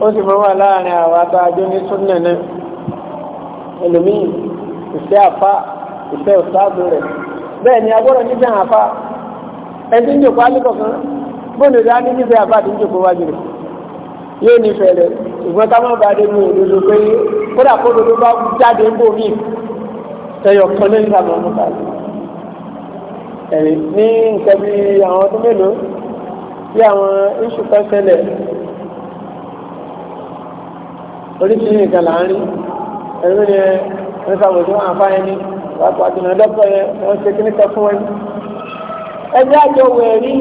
ó sì máa wà láàrin àwọn abájọ ní súnà náà ẹlòmíì ìfẹ́ àfa ìfẹ́ òṣàbò rẹ̀ bẹ́ẹ̀ ni agbọ́dọ̀ níjà àfa ẹni ń jòkó alẹ́ kọ̀ọ̀kan bóyá ìdá ní nífẹ̀ẹ́ àfa àti ń jòkó wájú rẹ̀ yóò nífẹ̀ẹ́ rẹ̀ ìgbọ́n ká má bàa dé mú òdodo pé kódà kó dodo bá jáde ń bò míì ẹyọ kan ní ìlànà ọmọ kàlẹ́ ẹ̀rí ní nǹkan bíi àwọn ọdún mélòó bí àwọn iṣu kan ṣẹlẹ̀ oríṣiríṣi nǹkan là ń ni ẹ ń sàbò tí wọ́n àfa ẹni wọ́n pa àtìmọ̀ dọ́kọ̀ yẹn wọ́n ṣe kíní kan fún wọn. ẹgbẹ́ àjọ wọ ẹ̀rí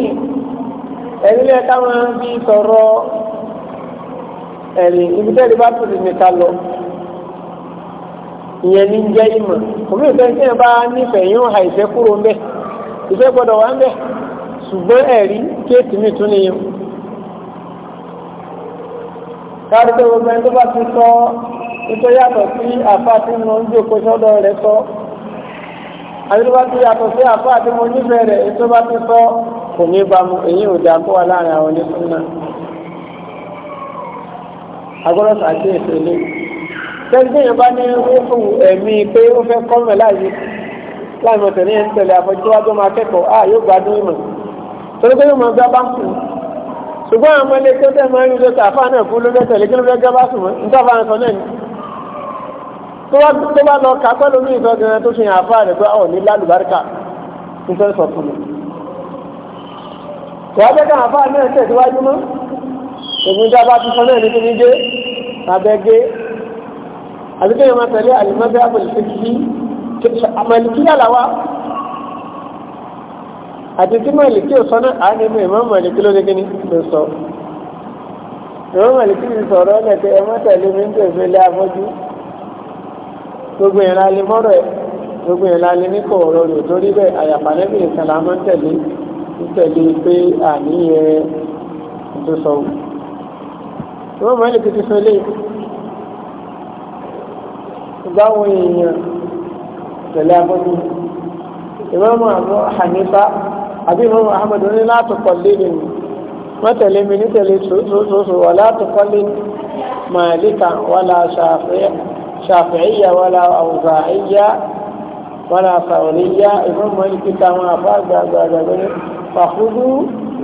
ẹ̀rí lẹ́ káwọn bí sọ̀rọ̀ ẹ̀rí ibi tẹ́lẹ̀ bá tòlù nìkan lọ ìyẹn ní jẹ́ ìmọ̀ òmíì fẹ́ tí wọ́n bá nífẹ̀ẹ́ yóò ha ìfẹ́ kúrò ń bẹ̀ ìfẹ́ gbọ́dọ̀ wá ń bẹ̀ ṣùgbọ́n ẹ̀rí kéètì mi tún nìyẹn kárí pé gbogbo tó bá ti sọ yàtọ̀ sí tí mo ń jòkó sọ́dọ̀ rẹ̀ sọ àti tó bá ti yàtọ̀ sí àfa tí mo nífẹ̀ẹ́ bá ti sọ kò ní èyí ò dáa kó wà láàrin àwọn onísúnà agbọ́dọ̀ sàkíyèsí ilé tẹ́gbẹ́ yẹn bá ní ẹ̀mí pé ó fẹ́ láàyè ẹ̀ ń tẹ̀lé máa ṣùgbọ́n àwọn ọmọdé tó tẹ́ mọ́ ẹni lọ́tà àfáà náà fún lọ́tà lè kí ló fẹ́ gá bá sùn mọ́ níta bá ń sọ náà ni tó bá lọ kà pẹ́lú mi ìfẹ́ gan tó ṣe yàn àfáà rẹ̀ pé ọ̀ ní lálùbáríkà nítorí àti tí màlìkí ò sọ náà àánú mi ìmọ̀ màlìkí ló dégé ní ló sọ ìmọ̀ màlìkí ti sọ̀rọ̀ ọ̀nà pé ẹ má tẹ̀lé mi ń tẹ̀lé ilé afọ́jú gbogbo yẹn la lè mọ́rọ̀ ẹ̀ gbogbo yẹn la lè ní kò ọ̀rọ̀ rẹ̀ torí bẹ́ẹ̀ àyàfà lẹ́bí nìkan la máa ń tẹ̀lé ń tẹ̀lé pé àníyẹ tó sọ wù. màlìkí ti sọ eléyìí báwọn èèyàn tẹ̀lé afọ́jú ìmọ̀ àbí ìmọ̀ Muhammad ní látùkọ̀ léde mi wọ́n tẹ̀lé mi ní tẹ̀lé sòsòsò wà látùkọ̀ léde màálíkà wàlà ṣàfẹ̀ẹ́yà wàlà àwùzàáyà wàlà fàwọ̀lẹ́yà ìmọ̀ mọ́lìkì táwọn afá gbàgbàgbà ní fàkúdú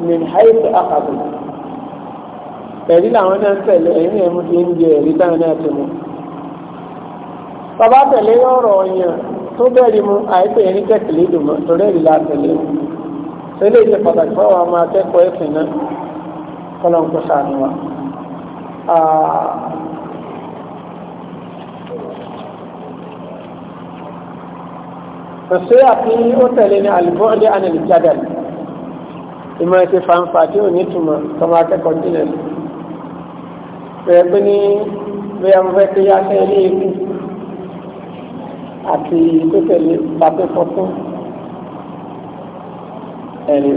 min haiti akadu ẹ̀rí làwọn náà tẹ̀lé ẹ̀yìn ẹ̀mú ti ń jẹ ẹ̀rí táwọn náà ti mú bàbá tẹ̀lé ọ̀rọ̀ ọ̀yàn tó bẹ̀rẹ̀ mu àìpẹ́ ẹ̀rí tẹ̀kìlì dùnmọ́ torí ẹ̀rí tẹ̀lé mu eléyìí ṣe pàtàkì fáwọn ọmọ akẹ́kọ̀ọ́ ẹ̀sìn náà kọ́lọ́n kó sàánú wa. Òṣèré àti ó tẹ̀lé ní àlùbọ́ọ̀dé ànìlìjádà ìmọ̀ ẹ̀sì fanfà tí ò ní túmọ̀ tọmọ akẹ́kọ̀ọ́ jìnà sí. ní bí a fẹ́ ikú àti tó tẹ̀lé ẹ̀rí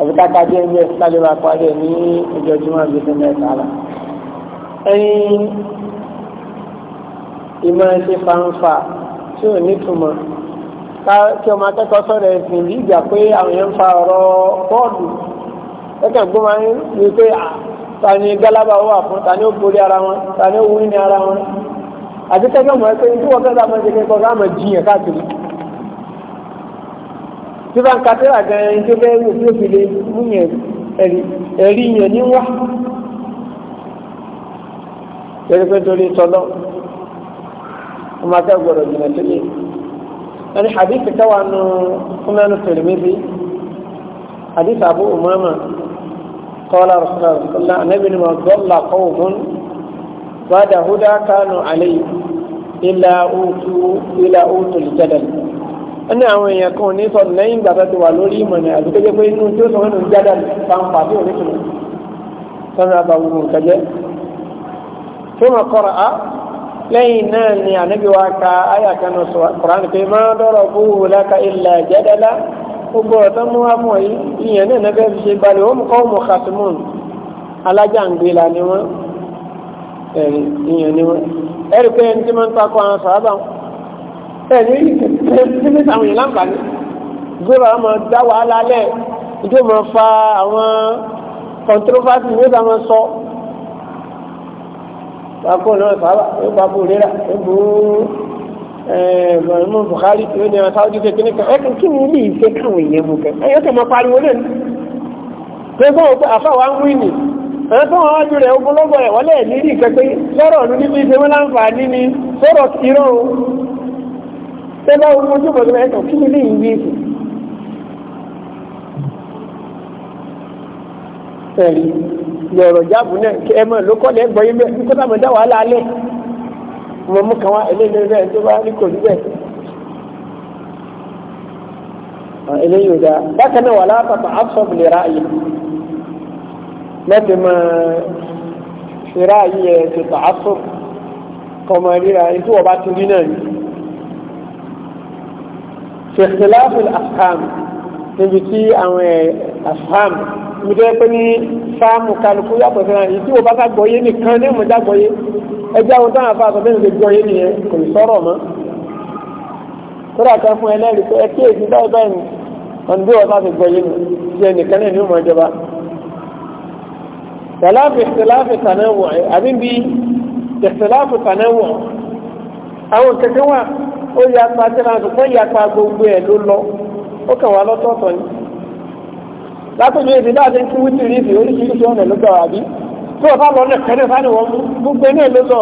àbí káka díẹ̀ ń bẹ̀ láti máa parí ẹ̀ ní ojoojúmọ́ àbí fún mẹ́ta la. ẹ̀yin ìmọ̀ ẹ̀sìn fanfa tí ò nítumọ̀ kí ọmọ akẹ́kọ̀ọ́ sọ̀rọ̀ ẹ̀sìn yìí ìgbà pé àwọn èèyàn ń fa ọ̀rọ̀ bọ́ọ̀lù ẹ̀kẹ́ gbọ́n máa ń rí pé ta ni wà fún ta ó borí ara wọn ta ó wí ara wọn àti kẹ́kẹ́ mọ̀ ẹ́ pé ní tí tí bá ń ka tẹ́lá gan ẹni tó bẹ́ẹ̀ wò bí ó fi lè mú yẹn ẹ̀rí yẹn ní wá pẹ̀lẹ́pẹ́ torí tọ́lọ́ ọmọ akẹ́ gbọ́dọ̀ jìnà sílẹ̀ ẹni hadith káwa nu fúnmẹ́nu Tirmidhi hadith Abu Umama qala rasulullah anabi ni wọn dọ́là qawmun ba'da huda kanu alayhi illa utu illa utu al-jadal wọ́n ní àwọn èèyàn kan ò ní sọ̀rọ̀ lẹ́yìn ìgbà tó ti wà lórí ìmọ̀ ní àti péjẹ pé inú tí ó sọ wọn ń jáde fanfa tí ò ní tùmọ̀ sọ́nà àbàwò nǹkan jẹ́ tó kọ́ra á lẹ́yìn náà ni ànábi wa ka àyà kan nù Kùránì pé má dọ́rọ̀ búhù láka ilà jẹ́dẹ́lá gbogbo ọ̀tọ́ mú wá fún ọ yìí ìyẹn náà nàbẹ́ fi ṣe balẹ̀ wọ́n kọ́ mọ̀ kàtúmọ̀n alájàngbìlà ni wọ́n ìyẹn ni wọ́n ẹ̀rí pé ẹni wọ́n ń kíní àwọn èèyàn láǹfààní ìjọba àwọn máa dá wàhálà lẹ̀ ìjọba máa fa àwọn controversy ìjọba máa sọ báko náà sábà ó bá bò rírà ó bò ó mọ̀ Buhari ó ní àwọn sáwọ́dí kékeré kan ẹ̀ kí ni ilé ìfẹ́ káwọn èèyàn mú kẹ ẹ̀yọ́ kẹ mọ pariwo lẹ́nu pé bọ́ọ̀ pé àfa wa ń wí nì ẹ̀rọ tó wọn wájú rẹ̀ ogunlọ́gbọ̀ ẹ̀ wọlé ẹ̀ nírí ìkẹ́kẹ́ lọ́rọ̀ ọ̀nù níbi ìṣẹ́wọ́n láǹfààní ni sọ̀rọ̀ ìrọ̀rùn tẹ́ bá wọn ojú bọ̀ lọ́wọ́ ẹ̀tàn kí ni lè yí wíìsì ẹ̀rí lọ̀rọ̀ jáàbù náà kí ẹ mọ̀ ló kọ́ lẹ́ gbọ́ yín bẹ́ẹ̀ kí kọ́tà mọ̀ dá wàhálà alẹ́ mo mú kàn wá eléyìí bẹ́ẹ̀ tó bá rí kò rí bẹ́ẹ̀ eléyìí ò fi ikhtilaf al-afham níbi tí àwọn eh, afham níbi tó yẹ pé ní fáàmù kálukú yàtọ̀ síra yìí tí wọ́n bá ká gbọ́yé nìkan ní ìmọ̀já gbọ́yé ẹjẹ́ àwọn táwọn afáàsọ bẹ́ẹ̀ lè gbọ́yé nìyẹn kò ní sọ̀rọ̀ mọ́ kódà kan fún ẹlẹ́rìí pé ẹ kéèkì báyìí báyìí ọ̀nà bí wọ́n bá ti gbọ́yé nù tí ẹnìkan ní ìmọ̀ ìjọba اختلاف اختلاف تنوع ó yà pa tẹ́lá yà pa gbogbo ẹ̀ lọ ó kàn wá lọ́tọ̀ọ̀tọ̀ ni. náà ti ń wítìrì oríṣiríṣi ọ̀nà ló gbà wá bí tó o bá lọ lẹ̀ kẹ́lẹ́ fáni gbogbo ẹ̀ náà ló lọ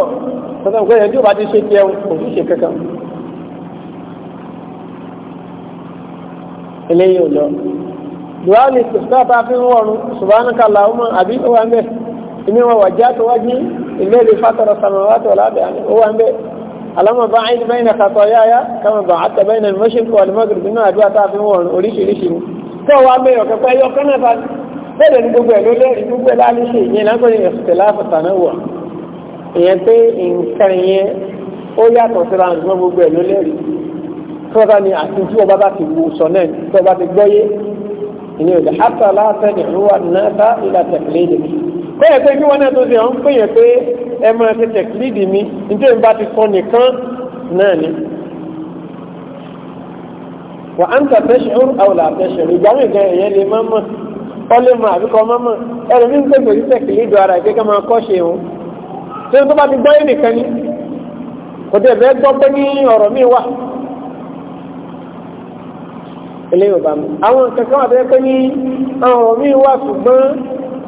tí o bá ti ṣe tiẹ̀ kò ṣe kankan. eléyìí ò lọ dùwà fi ń wọ̀rùn wọn wà wájú ìmẹ́lẹ̀ اللهم باعد بين خطاياي كما بعدت بين المشرق والمغرب nínú àdúrà tá a fi wọ̀n oríṣiríṣi ni tó wá mẹ́yọ̀ kẹfẹ́ yọ kánà bá bẹ́ẹ̀ ni gbogbo ẹ̀ ló lẹ́rìí gbogbo ẹ̀ láti ṣe ìyẹn lágbọ́n ìyẹn sì tẹ̀lé àfọ̀tànà wà ìyẹn pé nǹkan yẹn ó yàtọ̀ síra nǹkan gbogbo ẹ̀ ló lẹ́rìí tọ́ba ni àti tí ọba bá ti wù sọ náà tọ́ba ti gbọ́yé ìyẹn ò bẹ́ẹ̀ pé bí wọ́n náà tó ṣe àwọn pèèyàn pé ẹ máa ṣe tẹ̀kílìdì mi nítorí bá ti sọ nìkan náà ni. wà á ń tà fẹ́ṣẹ̀ ó àwòlà fẹ́ṣẹ̀ ìgbà mi gan èèyàn lè máa mọ̀ kọ́lé mọ̀ àbí kọ́ mọ́mọ́ ẹ̀rọ mi ń gbègbè sí tẹ̀kílìdì ara ìgbé ká máa kọ́ ṣe òun. ṣé tó bá ti gbọ́ yé nìkan ni kò tẹ̀ bẹ́ẹ̀ gbọ́ pé ní ọ̀rọ̀ mi wà. eléyìí ò bá mi àwọn kankan wà bẹ́ẹ̀ pé ní ọ̀rọ̀ mi wà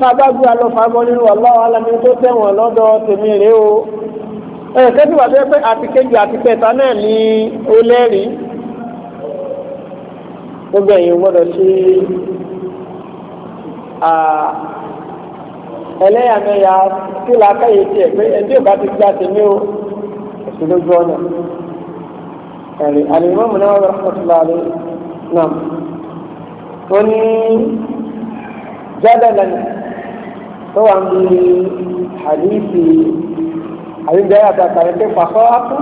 tábàgbé alọ́fàgbọ́ nínú aláwọ̀ alámi tó tẹ̀wọ̀n lọ́dọ̀ tèmi rè o ẹ̀ẹ́dẹ́gbẹ́ tí wàá tẹ́ pé àti kejì àti kẹta náà ní ó lẹ́rìí gbogbo ẹ̀yin gbọ́dọ̀ sí ẹlẹ́yàmẹ̀yà tí làákàyè tiẹ̀ pé ẹ̀dí ìbá ti gbà tèmi o ẹ̀sìn lójú ọ̀nà ẹ̀rìn àlè mọ́mù náà wọ́n rẹ̀ pọ̀ sí láàrin náà wọ́n ní jadalan tó wà ń bi hadithi àyíǹdẹ́ àtàkàrẹ́ pé pàṣọ àtú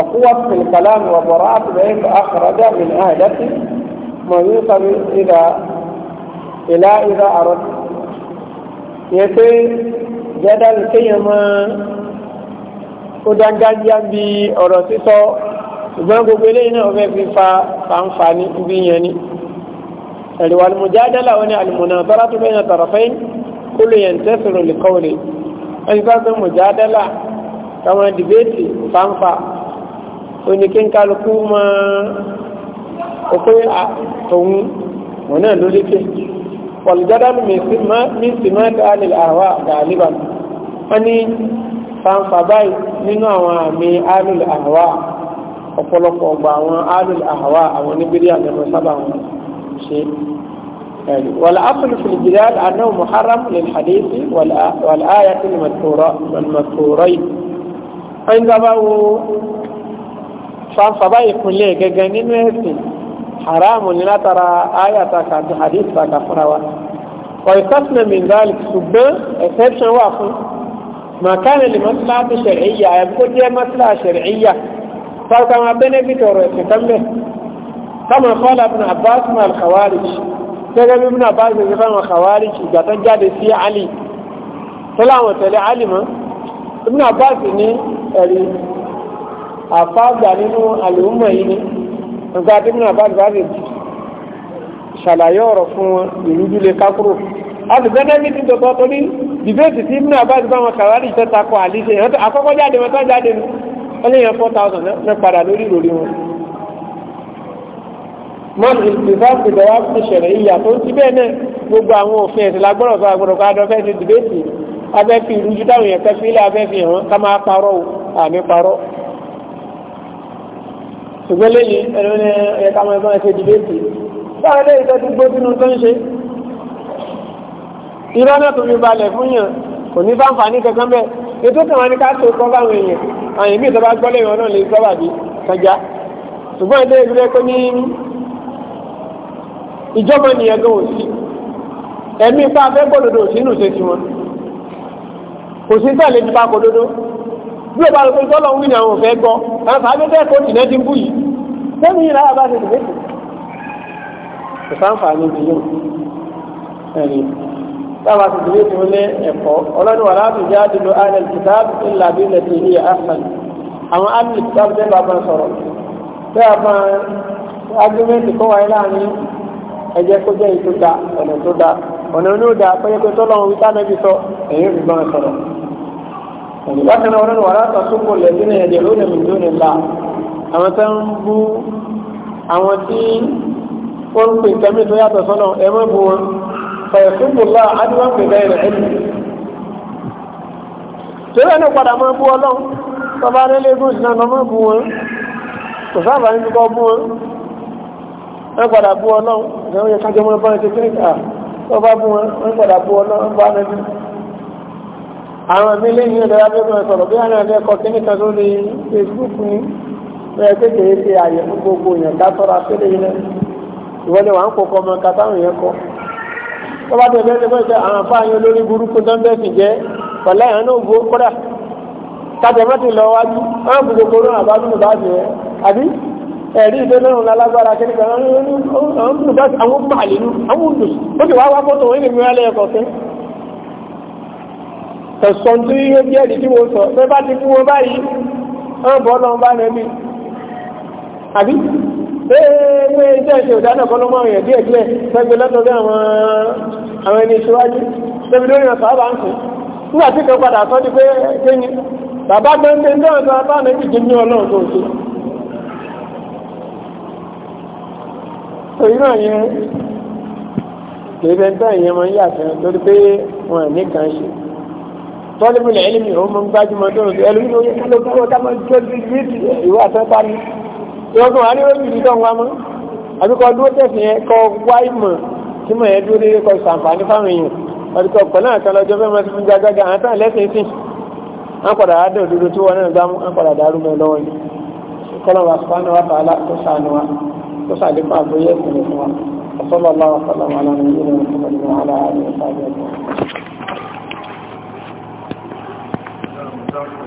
ọ̀kúwà tìlkàlámù ọ̀bọ̀rọ̀ àti bẹ́ẹ̀ tó àkàrọ̀dá mi ní àìdẹ́sí mọ̀ yóò sọ̀rọ̀ ìdá ìlà ìdá àrọ̀ yẹ pé jadal kéèyàn máa ó dángájíá bí ọ̀rọ̀ sísọ ṣùgbọ́n gbogbo eléyìí náà ó fẹ́ fi fa fanfani bí yẹn ni ẹ̀rí wa almujadala wani almunazaratu bayna tarafain kullu yantasiru liqawli ẹni bá fẹ́ mujadala kàwọn dìbẹ́tì fanfa oníkínkálukú máa òpé àtòun wọn náà ló lékè wàlùjádàlù mi sì máa dáàlì àwa gàlíbà wọn ní fanfa báyìí nínú àwọn àmì alùl àwa ọ̀pọ̀lọpọ̀ ọgbà àwọn alùl àwa àwọn oníbírí àgbẹ̀mọ̀ sábà wọn. شيء والأصل في الدلال أنه محرم للحديث والآية المذكورين عندما فانصبا يكون ليه جنين ويسين حرام لنا ترى آية كانت حديث كفروا ويستثنى من ذلك سبب اكسبشن واقف ما كان لمصلحة شرعية يقول دي مصلحة شرعية فكما بين ورسي تمه kama kọ́lá ibn abbas ma al-khawarij gẹ́gẹ́ bí ibn abbas ṣe fáwọn khawarij ìgbà tó jáde sí ali tó láwọn tẹ̀lé ali mọ́ ibn abbas ní ẹ̀rí àfáàgbà nínú àlùmọ̀ yìí ni nǹkan tí ibn abbas bá ṣe ṣàlàyé ọ̀rọ̀ fún wọn ìrújú lè kákúrò alùgbẹ́nẹ́bí ti tọ́tọ́ torí dìbẹ́tì tí ibn abbas bá wọn khawarij tó takọ àlíṣe àkọ́kọ́ jáde wọn tó jáde ní wọ́n lè yan four thousand náà padà lórí ìròrí wọn mọ́tò ìgbésàkì ìdọ̀wà ti ṣẹlẹ̀ ìyà tó ti bẹ́ẹ̀ náà gbogbo àwọn òfin ẹ̀sìn lágbọ́dọ̀ sọ àgbọ̀dọ̀ kọ́ adọ́ fẹ́ẹ́ ti dìbẹ́tì abẹ́ fi ìrújú táwọn èèyàn fẹ́ fi ilé abẹ́ fi hàn ká máa parọ́ o àmì parọ́. ṣùgbọ́n lẹ́yìn ẹ̀rọ ní ẹ̀yẹ ká máa bọ́n ẹ̀ṣẹ̀ dìbẹ́tì báwọn lẹ́yìn tó ti gbó sínú tó ń ṣe. irọ́ náà tó fi ni ká tó kọ́ báwọn èèyàn àyìnbí ìjọba ènìyàn gan òsì ẹ̀mí ipá abẹ́ gbọ́dọ̀dọ̀ òsì nù ṣe tiwọn kò sí tẹ̀lé ti pa kòdodo bí o bá lọ pé tọ́lọ̀ ń wí ní àwọn òfẹ́ gbọ́ àwọn sàájú tẹ́ kó tì lẹ́dí ń bú yìí sẹ́mi yìí lára bá ṣe tìlé tì kò sáǹfààní ti yóò ẹ̀rí táwa ti tìlé tì lé ẹ̀kọ́ ọlọ́dún wà láti jẹ́ àdìlú alẹ́ kìtàb ńlá bí ilẹ̀ tì ní àṣàn àwọn alẹ́ kìtàb tẹ́ bá máa ẹjẹ́ kó jẹ́ ètò da ọ̀nà tó da ọ̀nà oníwòdà pẹ́yẹ́pẹ́ tọ́lọ́run wíta nẹ́bí sọ èyí rí bá sọ̀rọ̀. bákan náà ọlọ́run wàrà sọ súnmọ́ lẹ́sìn náà ẹ̀dẹ̀ lónìí mi lónìí ńlá àwọn tó ń bú àwọn tí ó ń pè tẹ́mí tó yàtọ̀ sọ́nà ẹ mọ́ bu wọn fẹ̀yẹ̀ súnmọ́ lá adúlọ́ pè bẹ́ẹ̀ rẹ̀ ẹ̀mí. torí ẹni padà mọ́ bú ọlọ́run tọ́ba rẹ̀ lé wọ́n padà bú ọlọ́run ẹ̀rọ yẹ kájọ mọ́ báyìí kékeré kà wọ́n bá bú wọn wọ́n padà bú ọlọ́run bá nẹ́bí. àwọn mi lẹ́yìn ẹ̀rọ abẹ́bẹ̀ sọ̀rọ̀ bí wọ́n náà kọ́ kíní kan lórí Facebook ní bẹ́ẹ̀ kékeré ṣe àyẹ̀wò gbogbo yẹn ká sọ́ra yìí ìwọ́n kó kọ́ ọmọ yẹn kọ́. wọ́n bá tẹ̀lé ẹgbẹ́ àwọn burúkú jẹ́ ẹ̀rí ìdọ́lọ́run lálágbára kí nígbà àwọn olùdásí àwọn màálìlú nígbà tí kan padà sọ́ di bàbá ń sọ nẹ́bí ní èyí náà yẹn lèbẹ̀ntà ìyẹn máa ń yàtọ̀ lórí pé wọn à ní kàn ṣe tọ́lẹ́mù ní ẹlẹ́mì ó máa ń gbájúmọ́ tó rò ẹlẹ́mì ló yẹ kálọ̀ kúrò ká máa jọ bí méjì ìwé àtẹ́ta ni ìwọ́n kan wà ní wọ́n yìí tó ń wá mọ́ àbí kọ́ dúró tẹ̀sí yẹn kọ́ wá ìmọ̀ tí mọ̀ yẹn dúró dé kọ́ sàǹfààní fáwọn èèyàn wọ́n ti kọ́ pẹ̀lú àkànlọ́ ọjọ́ fẹ́ máa ti fún gbàgbàgbà àwọn táwọn lẹ́sìn sí wọ́n padà á dẹ̀ òdodo tí wọ́n náà gbámú wọ́n padà dàrú mọ́ lọ́wọ́ ni kọ́lọ́ wa sùpánù wa tààlà tó sànù wa kọ́sà lè máa bóyá ẹ̀sìn fún wa ọ̀sọ́lọ́ aláwọ̀ sọ́lọ́ wọn lára ní ìlú ọ̀sọ́lọ́ ní wọn lára ní ọ̀sọ́lọ́